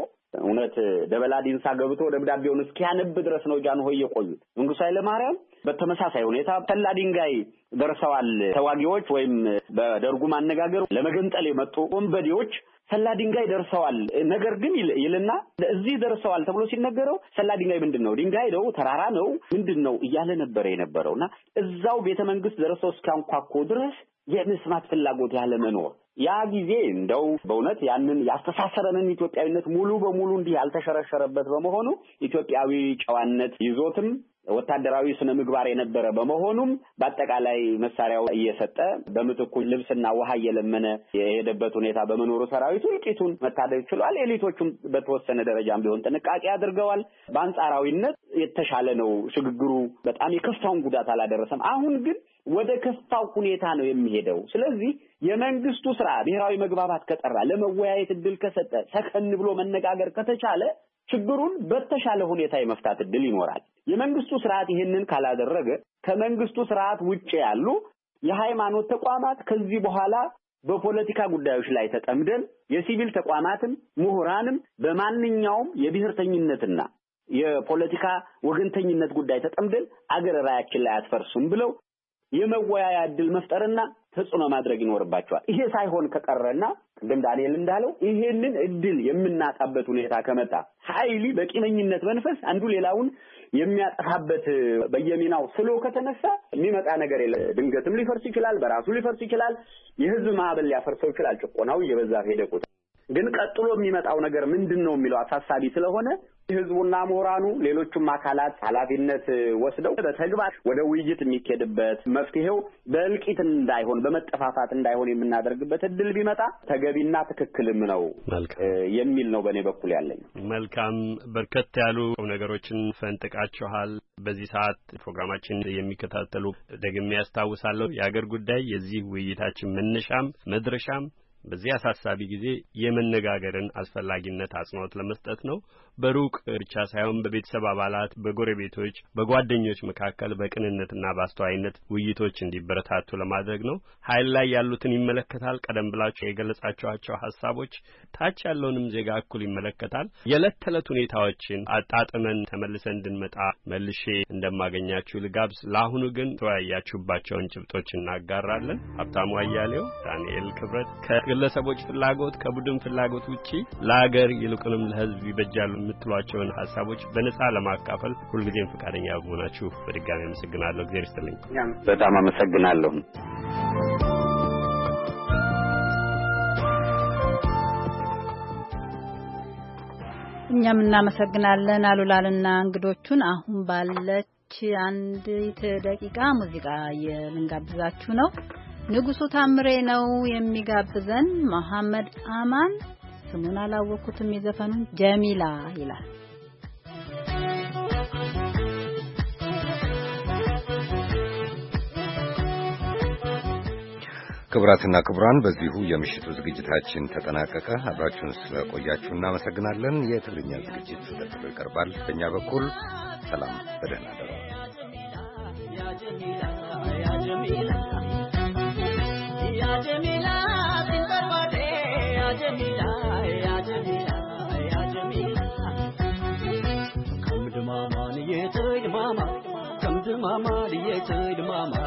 እውነት ደበላ ዲንሳ ገብቶ ደብዳቤውን እስኪያነብ ድረስ ነው ጃንሆይ የቆዩት። መንግስቱ ኃይለማርያም በተመሳሳይ ሁኔታ ተላ ድንጋይ ደርሰዋል። ተዋጊዎች ወይም በደርጉ ማነጋገር ለመገንጠል የመጡ ወንበዴዎች ሰላ ድንጋይ ደርሰዋል። ነገር ግን ይልና እዚህ ደርሰዋል ተብሎ ሲነገረው ሰላ ድንጋይ ምንድን ነው? ድንጋይ ነው? ተራራ ነው? ምንድን ነው እያለ ነበረ የነበረው እና እዛው ቤተ መንግስት ደርሰው እስኪያንኳኮ ድረስ የመስማት ፍላጎት ያለ መኖር ያ ጊዜ እንደው በእውነት ያንን ያስተሳሰረንን ኢትዮጵያዊነት ሙሉ በሙሉ እንዲህ ያልተሸረሸረበት በመሆኑ ኢትዮጵያዊ ጨዋነት ይዞትም ወታደራዊ ስነ ምግባር የነበረ በመሆኑም በአጠቃላይ መሳሪያው እየሰጠ በምትኩ ልብስና ውሃ እየለመነ የሄደበት ሁኔታ በመኖሩ ሰራዊቱ እልቂቱን መታደግ ችሏል። ኤሊቶቹም በተወሰነ ደረጃም ቢሆን ጥንቃቄ አድርገዋል። በአንጻራዊነት የተሻለ ነው። ሽግግሩ በጣም የከፋውን ጉዳት አላደረሰም። አሁን ግን ወደ ከፋው ሁኔታ ነው የሚሄደው። ስለዚህ የመንግስቱ ስራ ብሔራዊ መግባባት ከጠራ፣ ለመወያየት እድል ከሰጠ፣ ሰከን ብሎ መነጋገር ከተቻለ ችግሩን በተሻለ ሁኔታ የመፍታት እድል ይኖራል። የመንግስቱ ስርዓት ይህንን ካላደረገ ከመንግስቱ ስርዓት ውጭ ያሉ የሃይማኖት ተቋማት ከዚህ በኋላ በፖለቲካ ጉዳዮች ላይ ተጠምደን የሲቪል ተቋማትም ምሁራንም በማንኛውም የብሔርተኝነትና የፖለቲካ ወገንተኝነት ጉዳይ ተጠምደን አገር ራያችን ላይ አትፈርሱም ብለው የመወያያ እድል መፍጠርና ተጽዕኖ ማድረግ ይኖርባቸዋል። ይሄ ሳይሆን ከቀረና ቅድም ዳንኤል እንዳለው ይሄንን እድል የምናጣበት ሁኔታ ከመጣ ሀይሊ በቂመኝነት መንፈስ አንዱ ሌላውን የሚያጠፋበት በየሚናው ስሎ ከተነሳ የሚመጣ ነገር የለ። ድንገትም ሊፈርስ ይችላል፣ በራሱ ሊፈርስ ይችላል፣ የህዝብ ማዕበል ሊያፈርሰው ይችላል። ጭቆናው እየበዛ ሄደ ቁጥር ግን ቀጥሎ የሚመጣው ነገር ምንድን ነው የሚለው አሳሳቢ ስለሆነ ህዝቡና ምሁራኑ ሌሎቹም አካላት ኃላፊነት ወስደው በተግባር ወደ ውይይት የሚኬድበት መፍትሄው በእልቂት እንዳይሆን በመጠፋፋት እንዳይሆን የምናደርግበት እድል ቢመጣ ተገቢና ትክክልም ነው የሚል ነው በእኔ በኩል ያለኝ። መልካም። በርከት ያሉ ነገሮችን ፈንጥቃችኋል። በዚህ ሰዓት ፕሮግራማችን የሚከታተሉ ደግሜ ያስታውሳለሁ። የአገር ጉዳይ የዚህ ውይይታችን መነሻም መድረሻም በዚህ አሳሳቢ ጊዜ የመነጋገርን አስፈላጊነት አጽንኦት ለመስጠት ነው። በሩቅ እርቻ ሳይሆን በቤተሰብ አባላት፣ በጎረቤቶች፣ በጓደኞች መካከል በቅንነትና በአስተዋይነት ውይይቶች እንዲበረታቱ ለማድረግ ነው። ኃይል ላይ ያሉትን ይመለከታል። ቀደም ብላችሁ የገለጻቸኋቸው ሀሳቦች ታች ያለውንም ዜጋ እኩል ይመለከታል። የዕለት ተዕለት ሁኔታዎችን አጣጥመን ተመልሰን እንድንመጣ መልሼ እንደማገኛችሁ ልጋብዝ። ለአሁኑ ግን ተወያያችሁባቸውን ጭብጦች እናጋራለን። ሀብታሙ አያሌው፣ ዳንኤል ክብረት ከግለሰቦች ፍላጎት ከቡድን ፍላጎት ውጪ ለአገር ይልቁንም ለሕዝብ ይበጃሉ የምትሏቸውን ሀሳቦች በነጻ ለማካፈል ሁልጊዜም ፈቃደኛ በመሆናችሁ በድጋሚ አመሰግናለሁ። እግዜር ይስጥልኝ። በጣም አመሰግናለሁ። እኛም እናመሰግናለን አሉላልና እንግዶቹን። አሁን ባለች አንዲት ደቂቃ ሙዚቃ የምንጋብዛችሁ ነው። ንጉሱ ታምሬ ነው የሚጋብዘን። መሐመድ አማን ስሙን አላወቅኩትም የዘፈኑን ጀሚላ ይላል። ክቡራትና ክቡራን በዚሁ የምሽቱ ዝግጅታችን ተጠናቀቀ። አብራችሁን ስለቆያችሁ እናመሰግናለን። የትግርኛ ዝግጅት ተጠቅሎ ይቀርባል። በእኛ በኩል ሰላም፣ በደህና ደሩ። Kamdımama diye tıydımama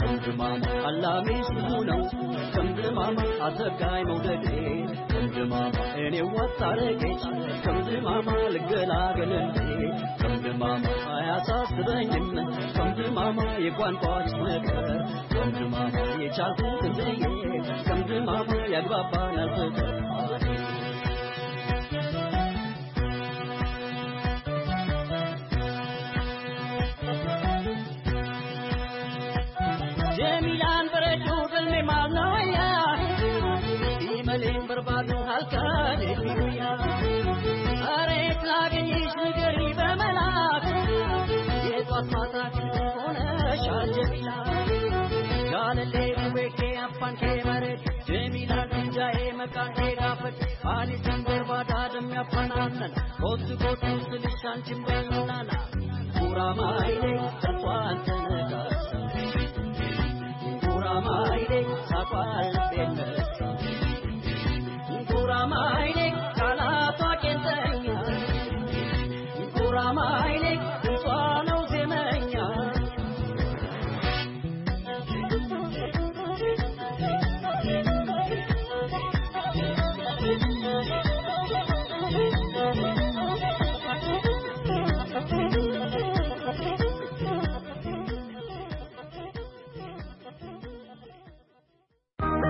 Kamdımama Allah mesmu no Kamdımama atıkay mevdede Kamdımama ene wattarıkeç Kamdımama lgelagelinde Kamdımama ayasasıbenim Kamdımama yeguanqaç mıkır Kamdımama yeçalkıtındeye Kamdımama yagbabanal fıkır Pura mai de tapat.